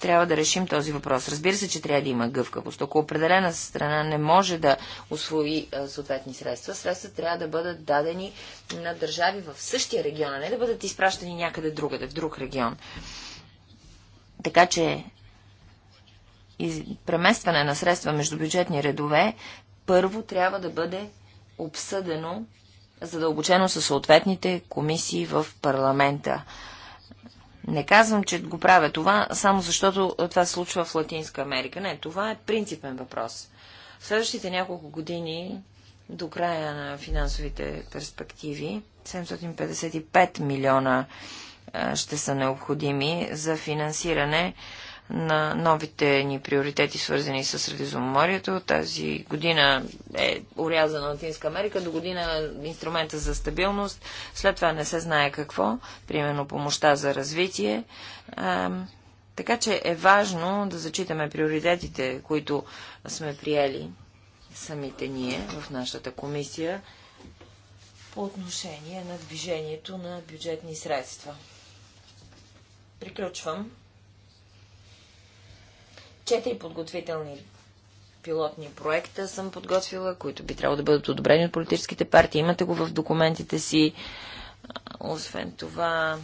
трябва да решим този въпрос. Разбира се, че трябва да има гъвкавост. Ако определена страна не може да освои съответни средства, средства трябва да бъдат дадени на държави в същия регион, а не да бъдат изпращани някъде другаде, в друг регион. Така че и преместване на средства между бюджетни редове, първо трябва да бъде обсъдено задълбочено със съответните комисии в парламента. Не казвам, че го правя това, само защото това се случва в Латинска Америка. Не, това е принципен въпрос. В следващите няколко години, до края на финансовите перспективи, 755 милиона ще са необходими за финансиране на новите ни приоритети, свързани с Средиземноморието. Тази година е урязана Латинска Америка, до година инструмента за стабилност, след това не се знае какво, примерно помощта за развитие. А, така че е важно да зачитаме приоритетите, които сме приели самите ние в нашата комисия по отношение на движението на бюджетни средства. Приключвам Четири подготвителни пилотни проекта съм подготвила, които би трябвало да бъдат одобрени от политическите партии. Имате го в документите си. Освен това,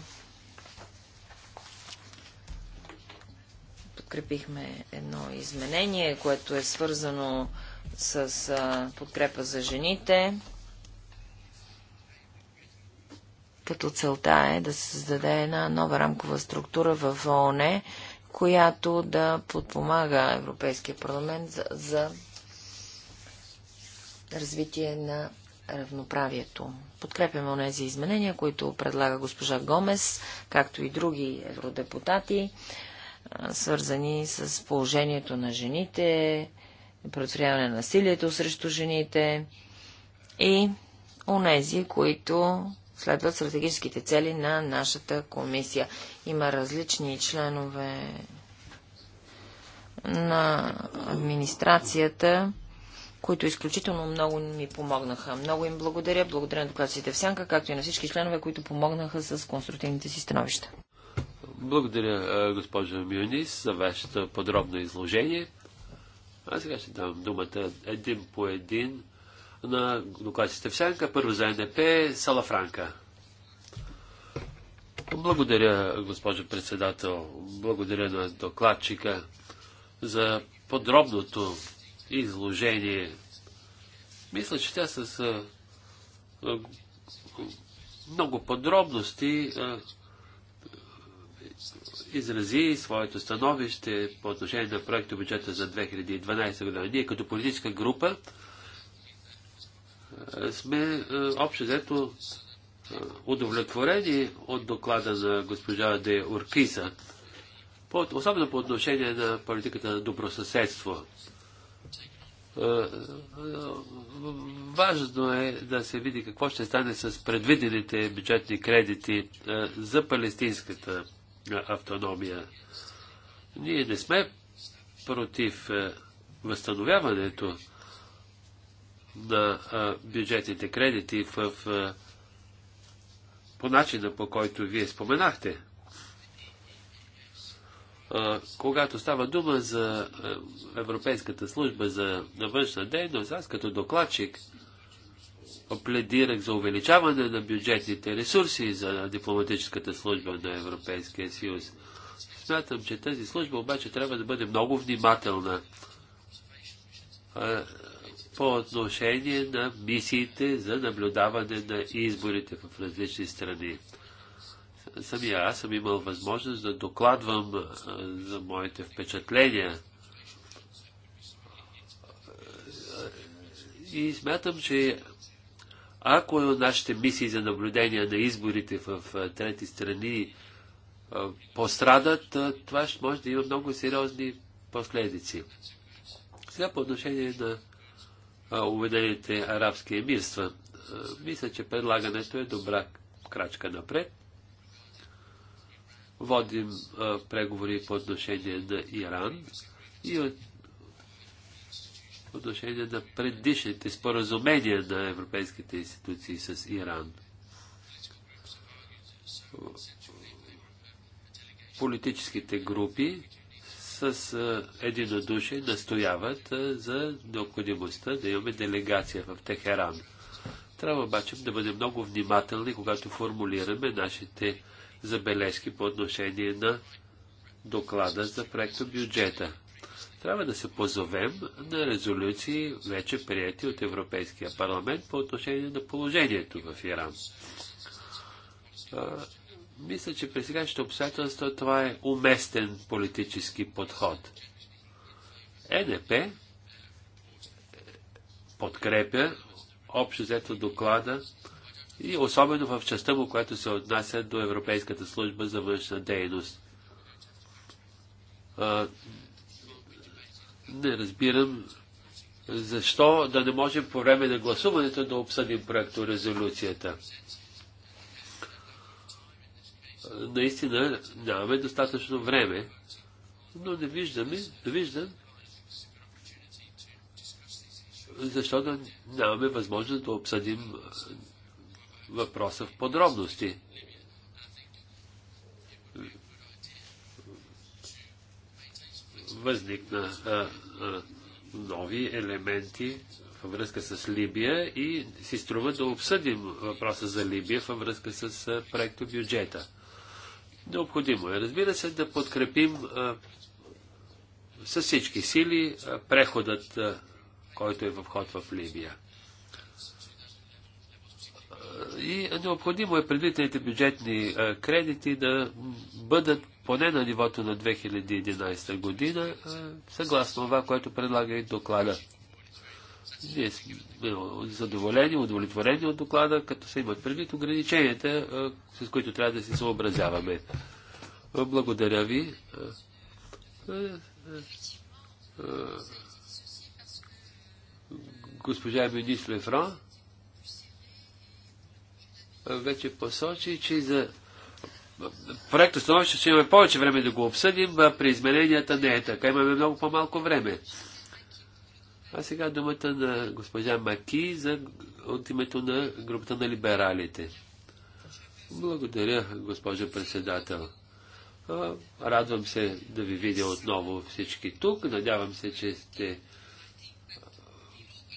подкрепихме едно изменение, което е свързано с подкрепа за жените. Като целта е да се създаде една нова рамкова структура в ООН, която да подпомага Европейския парламент за, за развитие на равноправието. Подкрепяме онези изменения, които предлага госпожа Гомес, както и други евродепутати, свързани с положението на жените, предотвратяване на насилието срещу жените и онези, които следват стратегическите цели на нашата комисия. Има различни членове на администрацията, които изключително много ми помогнаха. Много им благодаря. Благодаря на докладците в Сянка, както и на всички членове, които помогнаха с конструктивните си становища. Благодаря, госпожа Мюнис, за вашето подробно изложение. А сега ще дам думата един по един на докладчите в Първо за НДП Салафранка. Благодаря, госпожо председател. Благодаря на докладчика за подробното изложение. Мисля, че тя с а, а, много подробности а, изрази своето становище по отношение на проекта бюджета за 2012 година. Ние като политическа група сме е, общо взето е, удовлетворени от доклада на госпожа Де Уркиса, особено по отношение на политиката на добросъседство. Е, важно е да се види какво ще стане с предвидените бюджетни кредити за палестинската автономия. Ние не сме против възстановяването на бюджетните кредити в, по начина по който вие споменахте. Когато става дума за Европейската служба за външна дейност, аз като докладчик пледирах за увеличаване на бюджетните ресурси за дипломатическата служба на Европейския съюз. Смятам, че тази служба обаче трябва да бъде много внимателна по отношение на мисиите за наблюдаване на изборите в различни страни. Самия аз съм имал възможност да докладвам за моите впечатления и смятам, че ако нашите мисии за наблюдение на изборите в трети страни пострадат, това ще може да има много сериозни последици. Сега по отношение на уведените арабски емирства. Мисля, че предлагането е добра крачка напред. Водим преговори по отношение на Иран и по отношение на предишните споразумения на европейските институции с Иран. Политическите групи с единодушие настояват за необходимостта да имаме делегация в Техеран. Трябва обаче да бъдем много внимателни, когато формулираме нашите забележки по отношение на доклада за проекта бюджета. Трябва да се позовем на резолюции, вече прияти от Европейския парламент по отношение на положението в Иран. Мисля, че при сегашните обстоятелства това е уместен политически подход. ЕНП подкрепя общо взето доклада и особено в частта му, която се отнася до Европейската служба за външна дейност. А, не разбирам защо да не можем по време на гласуването да обсъдим проекто резолюцията наистина нямаме достатъчно време, но не виждаме, не виждам, защото нямаме възможност да обсъдим въпроса в подробности. Възникна а, а, нови елементи във връзка с Либия и си струва да обсъдим въпроса за Либия във връзка с проекто бюджета. Необходимо е, разбира се, да подкрепим с всички сили преходът, който е в ход в Либия. И необходимо е предвидените бюджетни кредити да бъдат поне на нивото на 2011 година, съгласно това, което предлага и доклада ние сме задоволени, удовлетворени от доклада, като се имат предвид ограниченията, с които трябва да се съобразяваме. Благодаря ви. Госпожа Бенис Лефран вече посочи, че за проекта становище ще имаме повече време да го обсъдим, а при измененията не е така. Имаме много по-малко време. А сега думата на госпожа Маки за, от името на групата на либералите. Благодаря, госпожо председател. радвам се да ви видя отново всички тук. Надявам се, че сте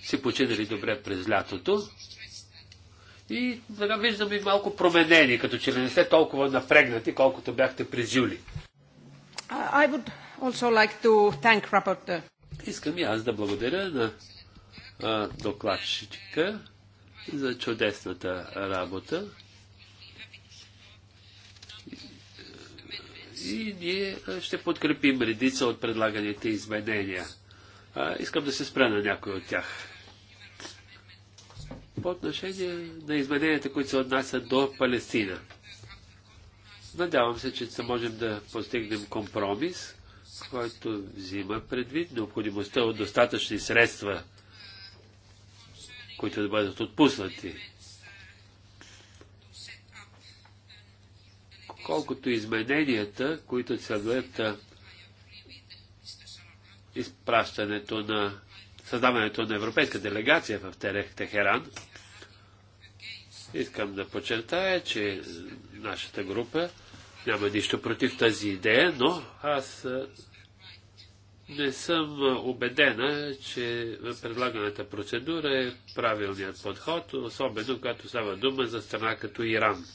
си починали добре през лятото. И сега виждам и малко променени, като че ли не сте толкова напрегнати, колкото бяхте през юли. I would also like to thank Искам и аз да благодаря на а, докладчика за чудесната работа. И ние ще подкрепим редица от предлаганите изменения. А, искам да се спра на някой от тях. По отношение на измененията, които се отнасят до Палестина. Надявам се, че можем да постигнем компромис който взима предвид необходимостта от достатъчни средства, които да бъдат отпуснати. Колкото измененията, които целят изпращането на създаването на европейска делегация в Техеран, искам да подчертая, че нашата група няма нищо против тази идея, но аз не съм убедена, че предлаганата процедура е правилният подход, особено когато става дума за страна като Иран.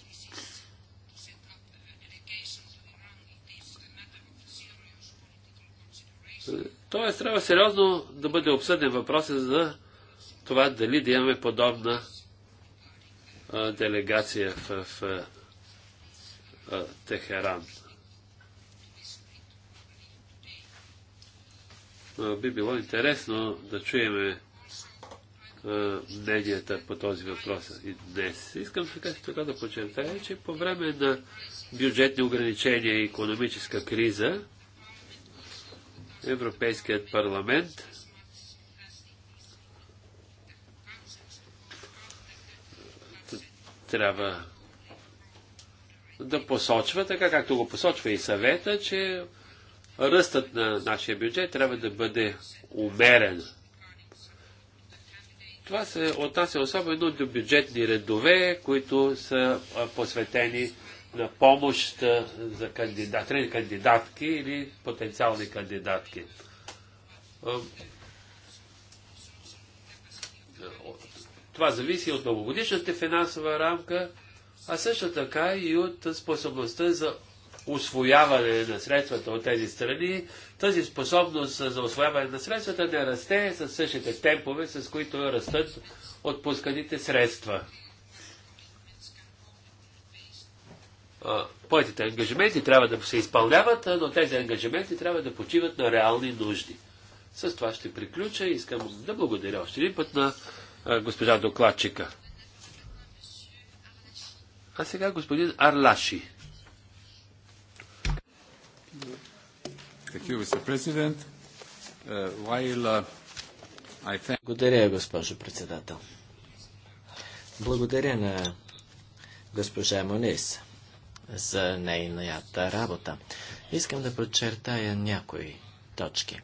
Тоест, трябва сериозно да бъде обсъден въпросът за това дали да имаме подобна а, делегация в, в а, Техеран. би било интересно да чуем мненията по този въпрос и днес. Искам така, така да подчертая, че по време на бюджетни ограничения и економическа криза, Европейският парламент трябва да посочва, така както го посочва и съвета, че Ръстът на нашия бюджет трябва да бъде умерен. Това се отнася особено до бюджетни редове, които са посветени на помощ за кандидат, кандидатки или потенциални кандидатки. Това зависи от многогодишната финансова рамка, а също така и от способността за освояване на средствата от тези страни, тази способност за освояване на средствата да расте с същите темпове, с които растат отпусканите средства. Поетите ангажименти трябва да се изпълняват, но тези ангажименти трябва да почиват на реални нужди. С това ще приключа и искам да благодаря още един път на госпожа докладчика. А сега господин Арлаши. Uh, uh, Благодаря, госпожо председател. Благодаря на госпожа Монис за нейната работа. Искам да подчертая някои точки.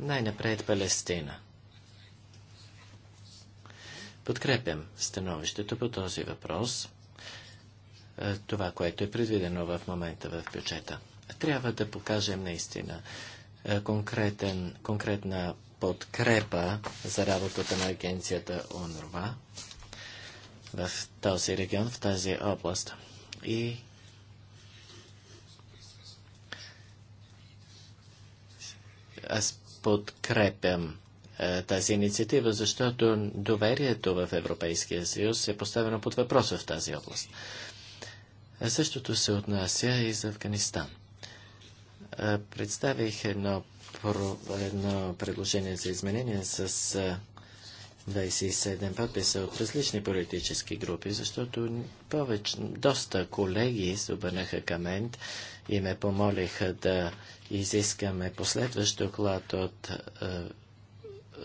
Най-напред Палестина. Подкрепям становището по този въпрос – е, това, което е предвидено в момента в бюджета. Трябва да покажем наистина е, конкретен, конкретна подкрепа за работата на агенцията ОНРВА в този регион, в тази област. И аз подкрепям е, тази инициатива, защото доверието в Европейския съюз е поставено под въпрос в тази област. Същото се отнася и за Афганистан. Представих едно, едно предложение за изменение с 27 подписа от различни политически групи, защото повече, доста колеги се обърнаха към мен и ме помолиха да изискаме последващ доклад от,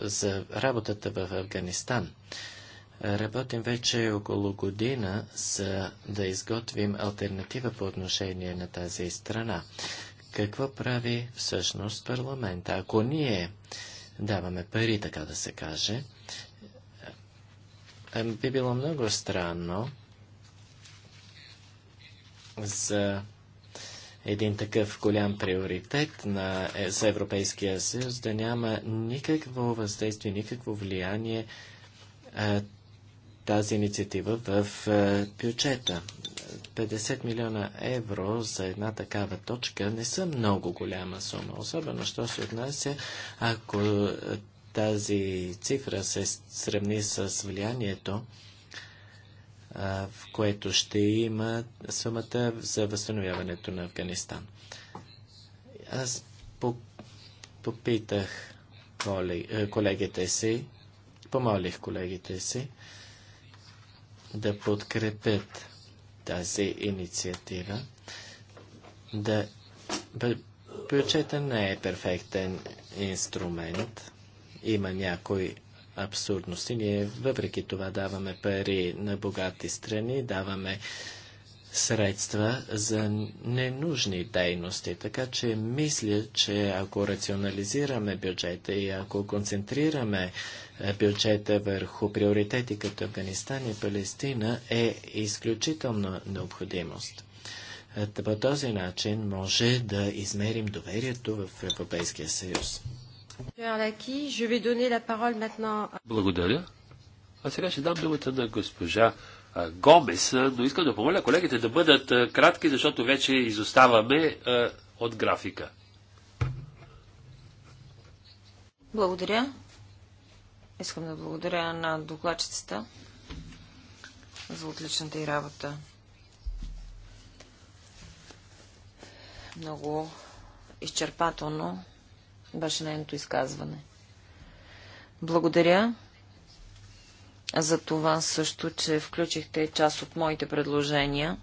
за работата в Афганистан. Работим вече около година за да изготвим альтернатива по отношение на тази страна. Какво прави всъщност парламента? Ако ние даваме пари, така да се каже, е, би било много странно за един такъв голям приоритет на, е, за Европейския съюз да няма никакво въздействие, никакво влияние е, тази инициатива в е, бюджета. 50 милиона евро за една такава точка не са много голяма сума, особено що се отнася, ако е, тази цифра се сравни с влиянието, е, в което ще има сумата за възстановяването на Афганистан. Аз попитах колегите си, помолих колегите си, да подкрепят тази инициатива. Да... Бюджета не е перфектен инструмент. Има някои абсурдности. Ние въпреки това даваме пари на богати страни, даваме средства за ненужни дейности. Така че мисля, че ако рационализираме бюджета и ако концентрираме бюджета върху приоритети като Афганистан и Палестина е изключителна необходимост. По този начин може да измерим доверието в Европейския съюз. Благодаря. А сега ще дам думата на госпожа Гомес, но искам да помоля колегите да бъдат кратки, защото вече изоставаме от графика. Благодаря. Искам да благодаря на докладчицата за отличната и работа. Много изчерпателно беше нейното изказване. Благодаря за това също, че включихте част от моите предложения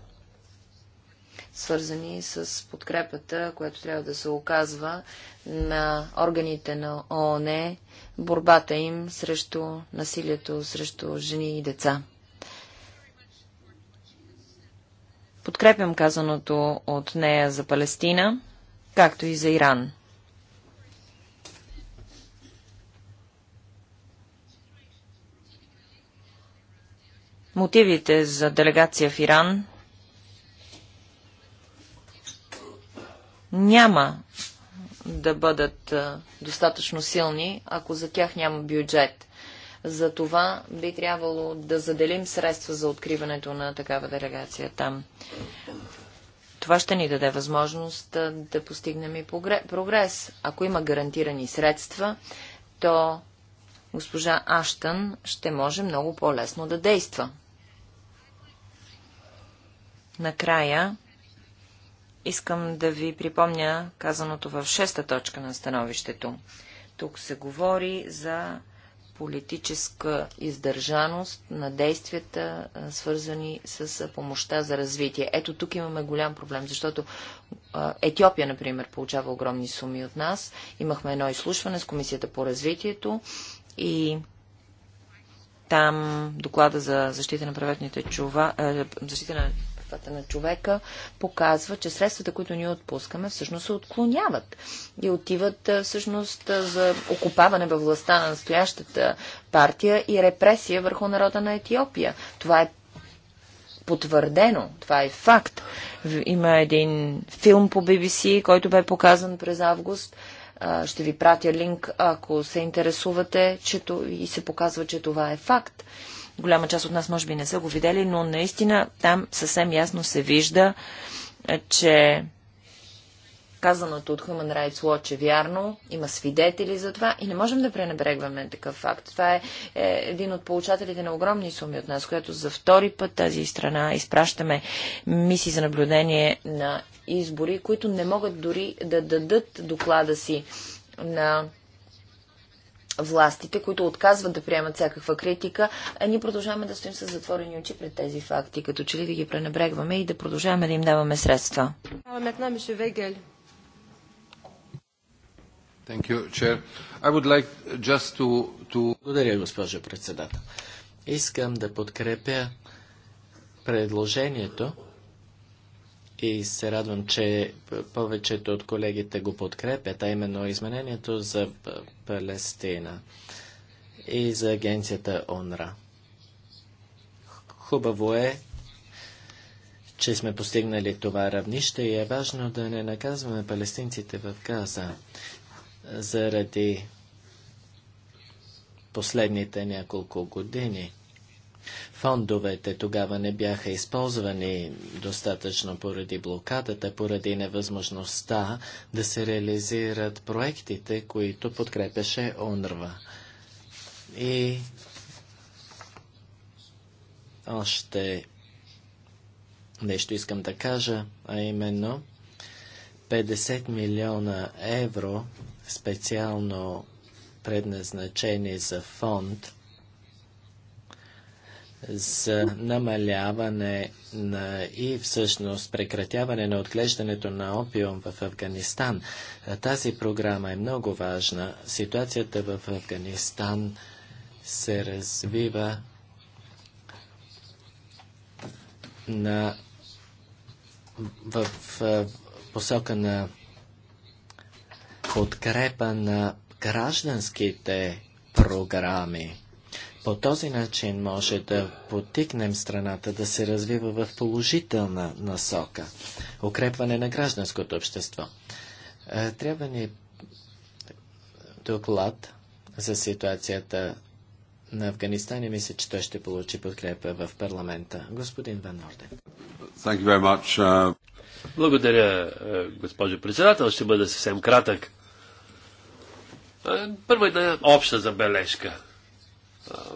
свързани с подкрепата, която трябва да се оказва на органите на ООН, борбата им срещу насилието срещу жени и деца. Подкрепям казаното от нея за Палестина, както и за Иран. Мотивите за делегация в Иран няма да бъдат достатъчно силни, ако за тях няма бюджет. За това би трябвало да заделим средства за откриването на такава делегация там. Това ще ни даде възможност да, постигнем и прогрес. Ако има гарантирани средства, то госпожа Аштън ще може много по-лесно да действа. Накрая Искам да ви припомня казаното в шеста точка на становището. Тук се говори за политическа издържаност на действията, свързани с помощта за развитие. Ето тук имаме голям проблем, защото Етиопия, например, получава огромни суми от нас. Имахме едно изслушване с Комисията по развитието и там доклада за защита на праветните чува... защита на психиката на човека показва, че средствата, които ние отпускаме, всъщност се отклоняват и отиват всъщност за окупаване във властта на настоящата партия и репресия върху народа на Етиопия. Това е потвърдено. Това е факт. Има един филм по BBC, който бе показан през август. Ще ви пратя линк, ако се интересувате, че и се показва, че това е факт. Голяма част от нас може би не са го видели, но наистина там съвсем ясно се вижда, е, че казаното от Human Rights Watch е вярно, има свидетели за това и не можем да пренебрегваме такъв факт. Това е, е един от получателите на огромни суми от нас, което за втори път тази страна изпращаме мисии за наблюдение на избори, които не могат дори да дадат доклада си на властите, които отказват да приемат всякаква критика, а ние продължаваме да стоим с затворени очи пред тези факти, като че ли да ги пренебрегваме и да продължаваме да им даваме средства. You, like to, to... Благодаря, госпожа председател. Искам да подкрепя предложението и се радвам, че повечето от колегите го подкрепят, а именно изменението за Палестина и за агенцията ОНРА. Хубаво е, че сме постигнали това равнище и е важно да не наказваме палестинците в Газа заради последните няколко години – Фондовете тогава не бяха използвани достатъчно поради блокадата, поради невъзможността да се реализират проектите, които подкрепяше ОНРВА. И още нещо искам да кажа, а именно 50 милиона евро специално предназначени за фонд за намаляване на и всъщност прекратяване на отглеждането на опиум в Афганистан. Тази програма е много важна. Ситуацията в Афганистан се развива на, в, в посока на подкрепа на гражданските програми. По този начин може да потикнем страната да се развива в положителна насока. Укрепване на гражданското общество. Е, трябва ни доклад за ситуацията на Афганистан и мисля, че той ще получи подкрепа в парламента. Господин Ван Орден. Uh, Благодаря, е, госпожо председател. Ще бъда съвсем кратък. Е, първо една обща забележка.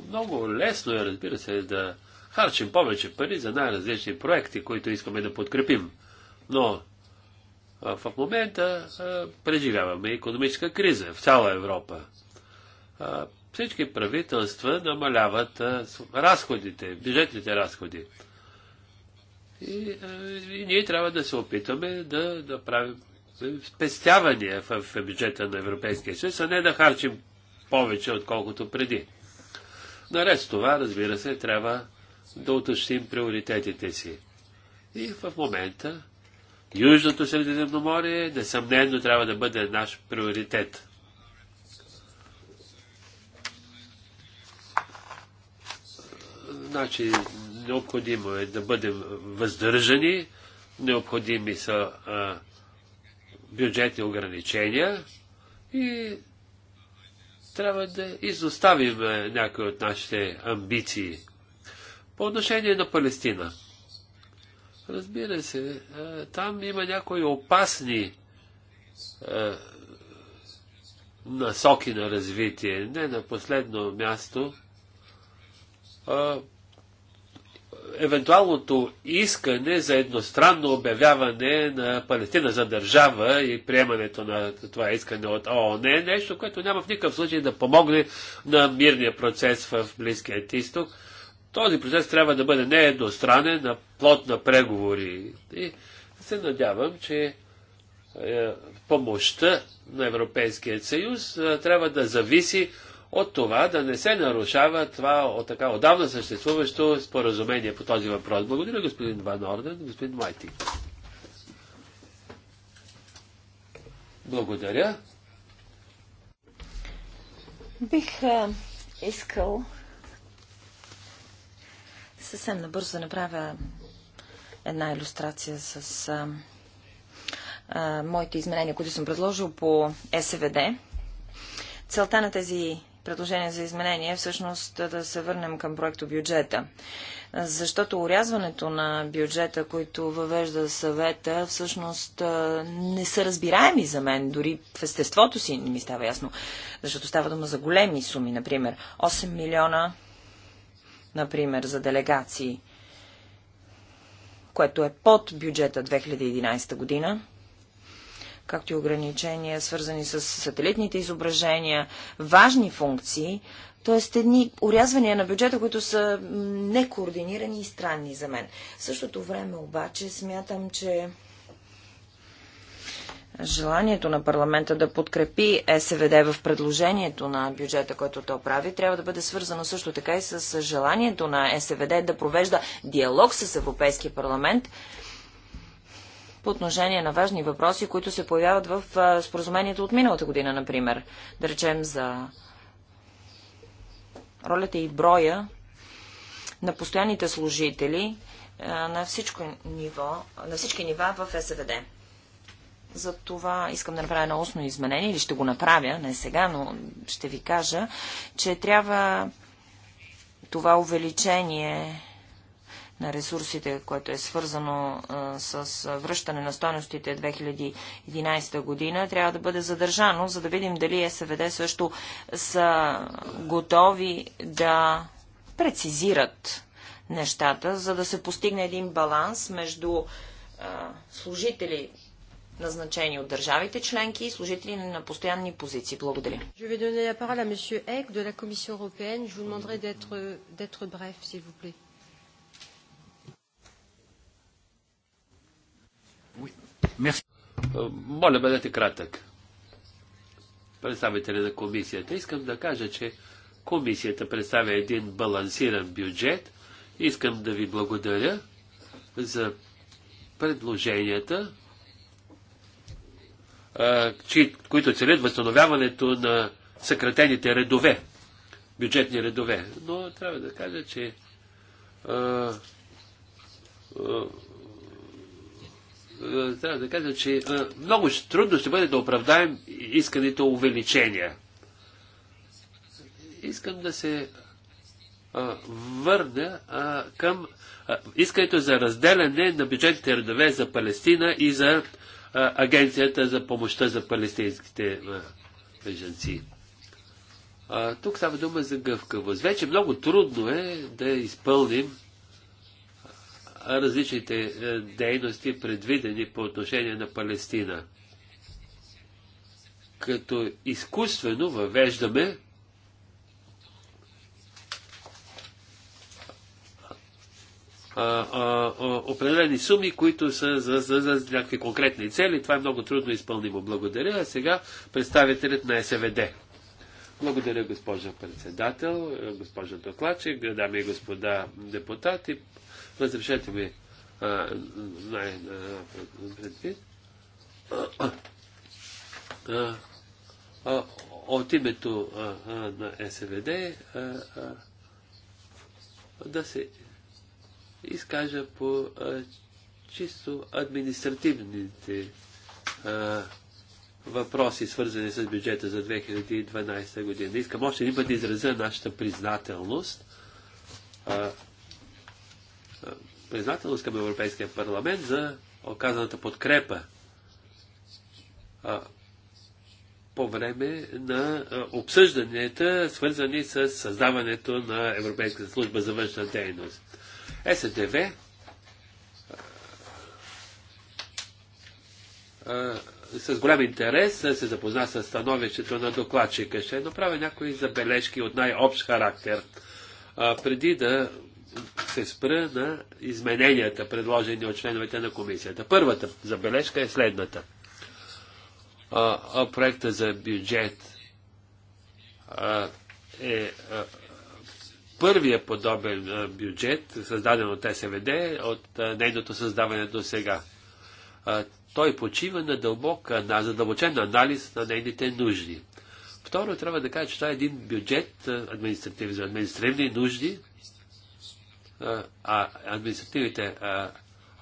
Много лесно е, разбира се, да харчим повече пари за най-различни проекти, които искаме да подкрепим. Но в момента преживяваме економическа криза в цяла Европа. Всички правителства намаляват разходите, бюджетните разходи. И, и ние трябва да се опитаме да, да правим спестявания в бюджета на Европейския съюз, а не да харчим повече, отколкото преди. Наред с това, разбира се, трябва да уточним приоритетите си. И в момента Южното Средиземноморие несъмнено трябва да бъде наш приоритет. Значи, необходимо е да бъдем въздържани, необходими са а, бюджетни ограничения и трябва да изоставим е, някои от нашите амбиции. По отношение на Палестина. Разбира се, е, там има някои опасни е, насоки на развитие. Не на последно място евентуалното искане за едностранно обявяване на Палестина за държава и приемането на това искане от ООН е нещо, което няма в никакъв случай да помогне на мирния процес в Близкият изток. Този процес трябва да бъде не едностранен, а плод на преговори. И се надявам, че е, помощта на Европейския съюз е, трябва да зависи от това да не се нарушава това от така отдавна съществуващо споразумение по този въпрос. Благодаря господин Ван Орден, господин Майти. Благодаря. Бих а, искал съвсем набързо да направя една иллюстрация с а, а, моите изменения, които съм предложил по СВД. Целта на тези предложение за изменение е всъщност да се върнем към проекто бюджета. Защото урязването на бюджета, който въвежда съвета, всъщност не са разбираеми за мен. Дори в естеството си не ми става ясно. Защото става дума за големи суми, например. 8 милиона, например, за делегации, което е под бюджета 2011 година както и ограничения, свързани с сателитните изображения, важни функции, т.е. едни урязвания на бюджета, които са некоординирани и странни за мен. В същото време обаче смятам, че желанието на парламента да подкрепи СВД в предложението на бюджета, който то прави, трябва да бъде свързано също така и с желанието на СВД да провежда диалог с Европейския парламент по отношение на важни въпроси, които се появяват в споразумението от миналата година, например. Да речем за ролята и броя на постоянните служители на, всичко ниво, на всички нива в СВД. За това искам да направя едно устно изменение, или ще го направя, не сега, но ще ви кажа, че трябва това увеличение на ресурсите, което е свързано а, с връщане на стоеностите 2011 година, трябва да бъде задържано, за да видим дали СВД също са готови да прецизират нещата, за да се постигне един баланс между а, служители назначени от държавите членки и служители на постоянни позиции. Благодаря. Je vais donner la parole à monsieur Eck de la Commission européenne. Je vous demanderai d'être bref, s'il vous plaît. Е, моля, бъдете кратък. Представителя на комисията. Искам да кажа, че комисията представя един балансиран бюджет. Искам да ви благодаря за предложенията, е, които целят възстановяването на съкратените редове, бюджетни редове. Но трябва да кажа, че е, е, трябва да кажа, че е, много трудно ще бъде да оправдаем исканите увеличения. Искам да се е, върна към искането за разделяне на бюджетните редове за Палестина и за Агенцията за помощта за палестинските беженци. Тук става дума за гъвкавост. Вече много трудно е да изпълним различните е, дейности, предвидени по отношение на Палестина. Като изкуствено въвеждаме а, а, определени суми, които са за, за, за, за някакви конкретни цели. Това е много трудно изпълнимо. Благодаря. А сега представителят на СВД. Благодаря, госпожа председател, госпожа докладчик, дами и господа депутати. Разрешете ми най-предвид. От името на СВД да се изкажа по чисто административните въпроси, свързани с бюджета за 2012 година. Искам още един път да изразя нашата признателност признателност към Европейския парламент за оказаната подкрепа по време на обсъжданията, свързани с създаването на Европейската служба за външна дейност. СДВ с голям интерес се запозна с становището на докладчика. Ще направя някои забележки от най-общ характер, преди да се спра на измененията, предложени от членовете на комисията. Първата забележка е следната. А, а проекта за бюджет а, е а, първия подобен а, бюджет, създаден от СВД, от а, нейното създаване до сега. А, той почива на дълбок, на задълбочен анализ на нейните нужди. Второ, трябва да кажа, че това е един бюджет административ, за административни нужди, а административните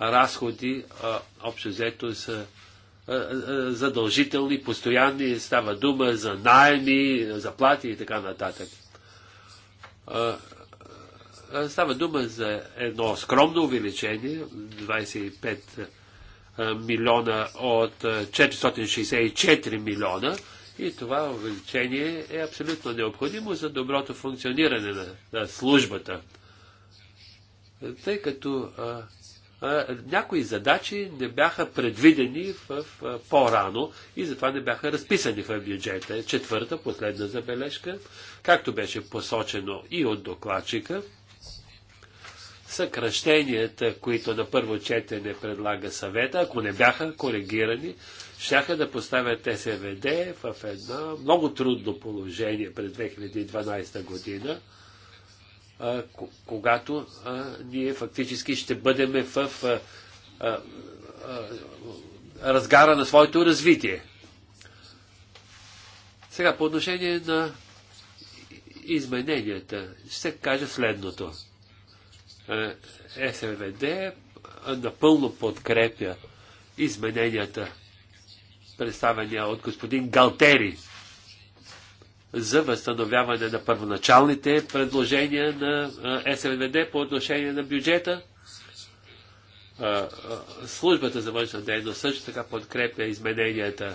разходи общо взето са задължителни, постоянни, става дума за найми, заплати и така нататък. Става дума за едно скромно увеличение, 25 милиона от 464 милиона и това увеличение е абсолютно необходимо за доброто функциониране на, на службата тъй като а, а, някои задачи не бяха предвидени в, в, по-рано и затова не бяха разписани в бюджета. Четвърта, последна забележка, както беше посочено и от докладчика, съкръщенията, които на първо четене предлага съвета, ако не бяха коригирани, щяха да поставят СВД в едно много трудно положение през 2012 година когато ние фактически ще бъдем в разгара на своето развитие. Сега по отношение на измененията ще кажа следното. Е, СВД напълно подкрепя измененията, представения от господин Галтери за възстановяване на първоначалните предложения на СНВД по отношение на бюджета. Службата за външна дейност също така подкрепя измененията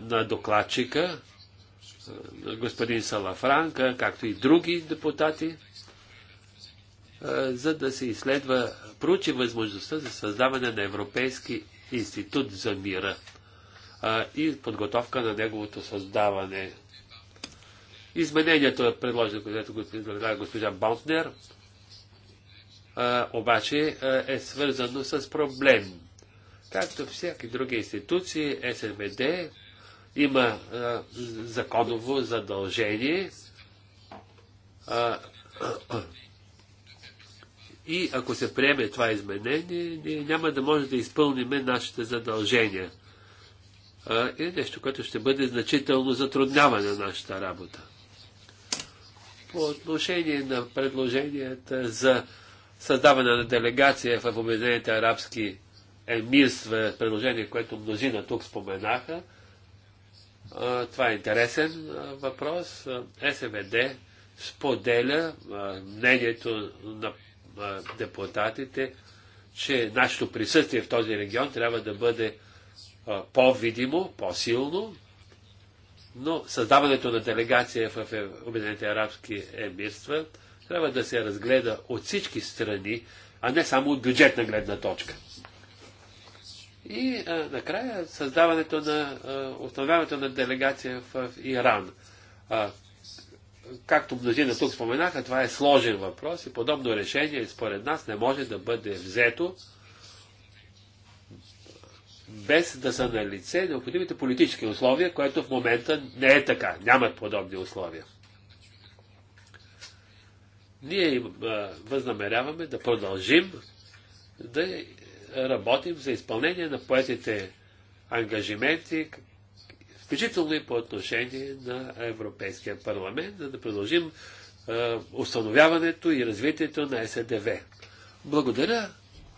на докладчика, господин Салафранка, както и други депутати, за да се изследва, проучи възможността за създаване на Европейски институт за мира и подготовка на неговото създаване Изменението е предложено, което предлага госпожа Баунтнер, обаче е свързано с проблем. Както всяки други институции, СМД има а, законово задължение а, и ако се приеме това изменение, ние няма да може да изпълним нашите задължения. И е нещо, което ще бъде значително затрудняване на нашата работа по отношение на предложенията за създаване на делегация в Обединените арабски емирства, предложение, което мнозина тук споменаха, това е интересен въпрос. СВД споделя мнението на депутатите, че нашето присъствие в този регион трябва да бъде по-видимо, по-силно, но създаването на делегация в Обединените арабски емирства трябва да се разгледа от всички страни, а не само от бюджетна гледна точка. И а, накрая създаването на, установяването на делегация в, в Иран. А, както мнозина тук споменаха, това е сложен въпрос и подобно решение според нас не може да бъде взето без да са на лице необходимите политически условия, което в момента не е така. Нямат подобни условия. Ние им възнамеряваме да продължим да работим за изпълнение на поетите ангажименти, включително и по отношение на Европейския парламент, за да продължим установяването и развитието на СДВ. Благодаря.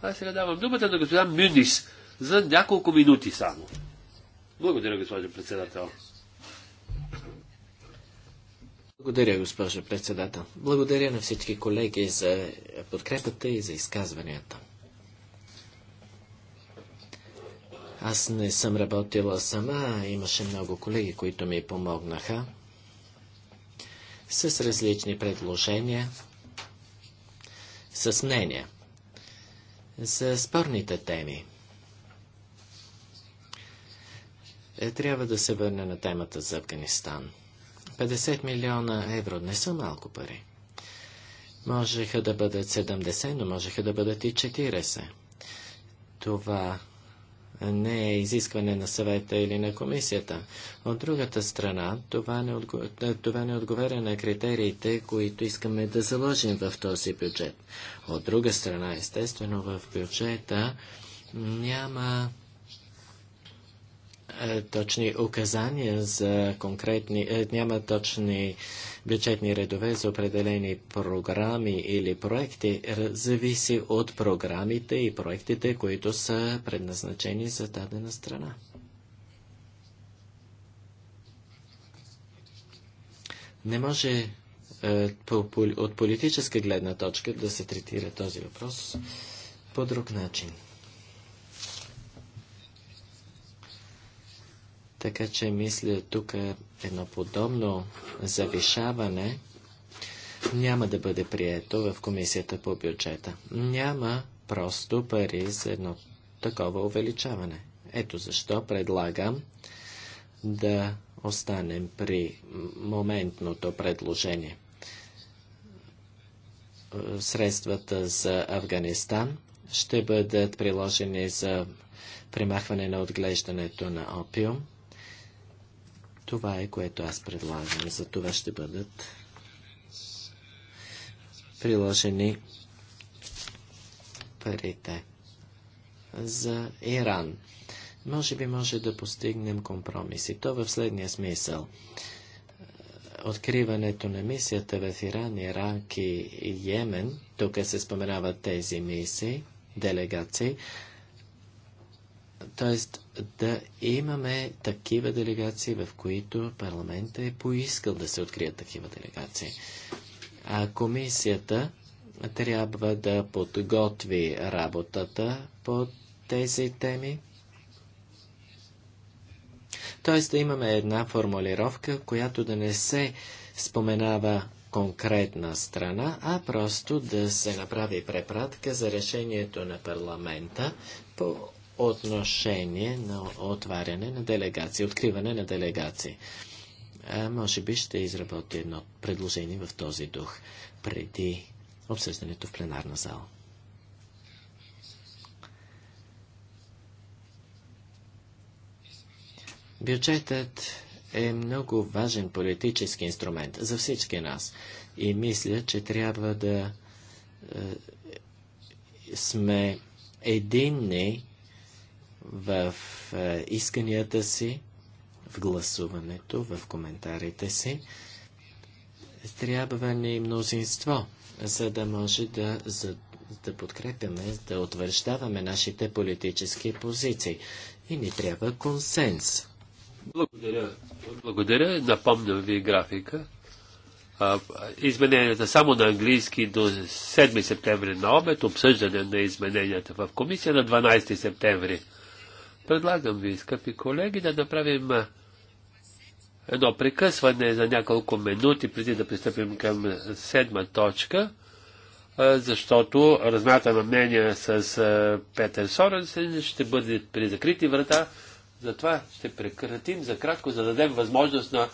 Аз сега давам думата на господин Мюнис за няколко минути само. Благодаря, госпожо председател. Благодаря, госпожо председател. Благодаря на всички колеги за подкрепата и за изказванията. Аз не съм работила сама, имаше много колеги, които ми помогнаха с различни предложения, с мнения за спорните теми. Е, трябва да се върне на темата за Афганистан. 50 милиона евро не са малко пари. Можеха да бъдат 70, но можеха да бъдат и 40. Това не е изискване на съвета или на комисията. От другата страна, това не, отго... това не отговаря на критериите, които искаме да заложим в този бюджет. От друга страна, естествено, в бюджета няма е, точни указания за конкретни, е, няма точни бюджетни редове за определени програми или проекти, е, зависи от програмите и проектите, които са предназначени за дадена страна. Не може от политическа гледна точка да се третира този въпрос по друг начин. Така че мисля, тук е едно подобно завишаване няма да бъде прието в комисията по бюджета. Няма просто пари за едно такова увеличаване. Ето защо предлагам да останем при моментното предложение. Средствата за Афганистан ще бъдат приложени за примахване на отглеждането на опиум. Това е, което аз предлагам. За това ще бъдат приложени парите за Иран. Може би може да постигнем компромиси. То в следния смисъл. Откриването на мисията в Иран, Ирак и Йемен, тук се споменават тези мисии, делегации, т.е да имаме такива делегации, в които парламентът е поискал да се открият такива делегации. А комисията трябва да подготви работата по тези теми. Тоест да имаме една формулировка, която да не се споменава конкретна страна, а просто да се направи препратка за решението на парламента по отношение на отваряне на делегации, откриване на делегации. А, може би ще изработи едно предложение в този дух преди обсъждането в пленарна зала. Бюджетът е много важен политически инструмент за всички нас и мисля, че трябва да е, сме единни в е, исканията си, в гласуването, в коментарите си. Трябва ни мнозинство, за да може да, за, да подкрепяме, да утвърждаваме нашите политически позиции. И ни трябва консенс. Благодаря. Благодаря. Напомням ви графика. Измененията само на английски до 7 септември на обед, обсъждане на измененията в комисия на 12 септември. Предлагам ви, скъпи колеги, да направим едно прекъсване за няколко минути, преди да пристъпим към седма точка, защото размяната на с Петър Соренсен ще бъде при закрити врата. Затова ще прекратим за кратко, за да дадем възможност на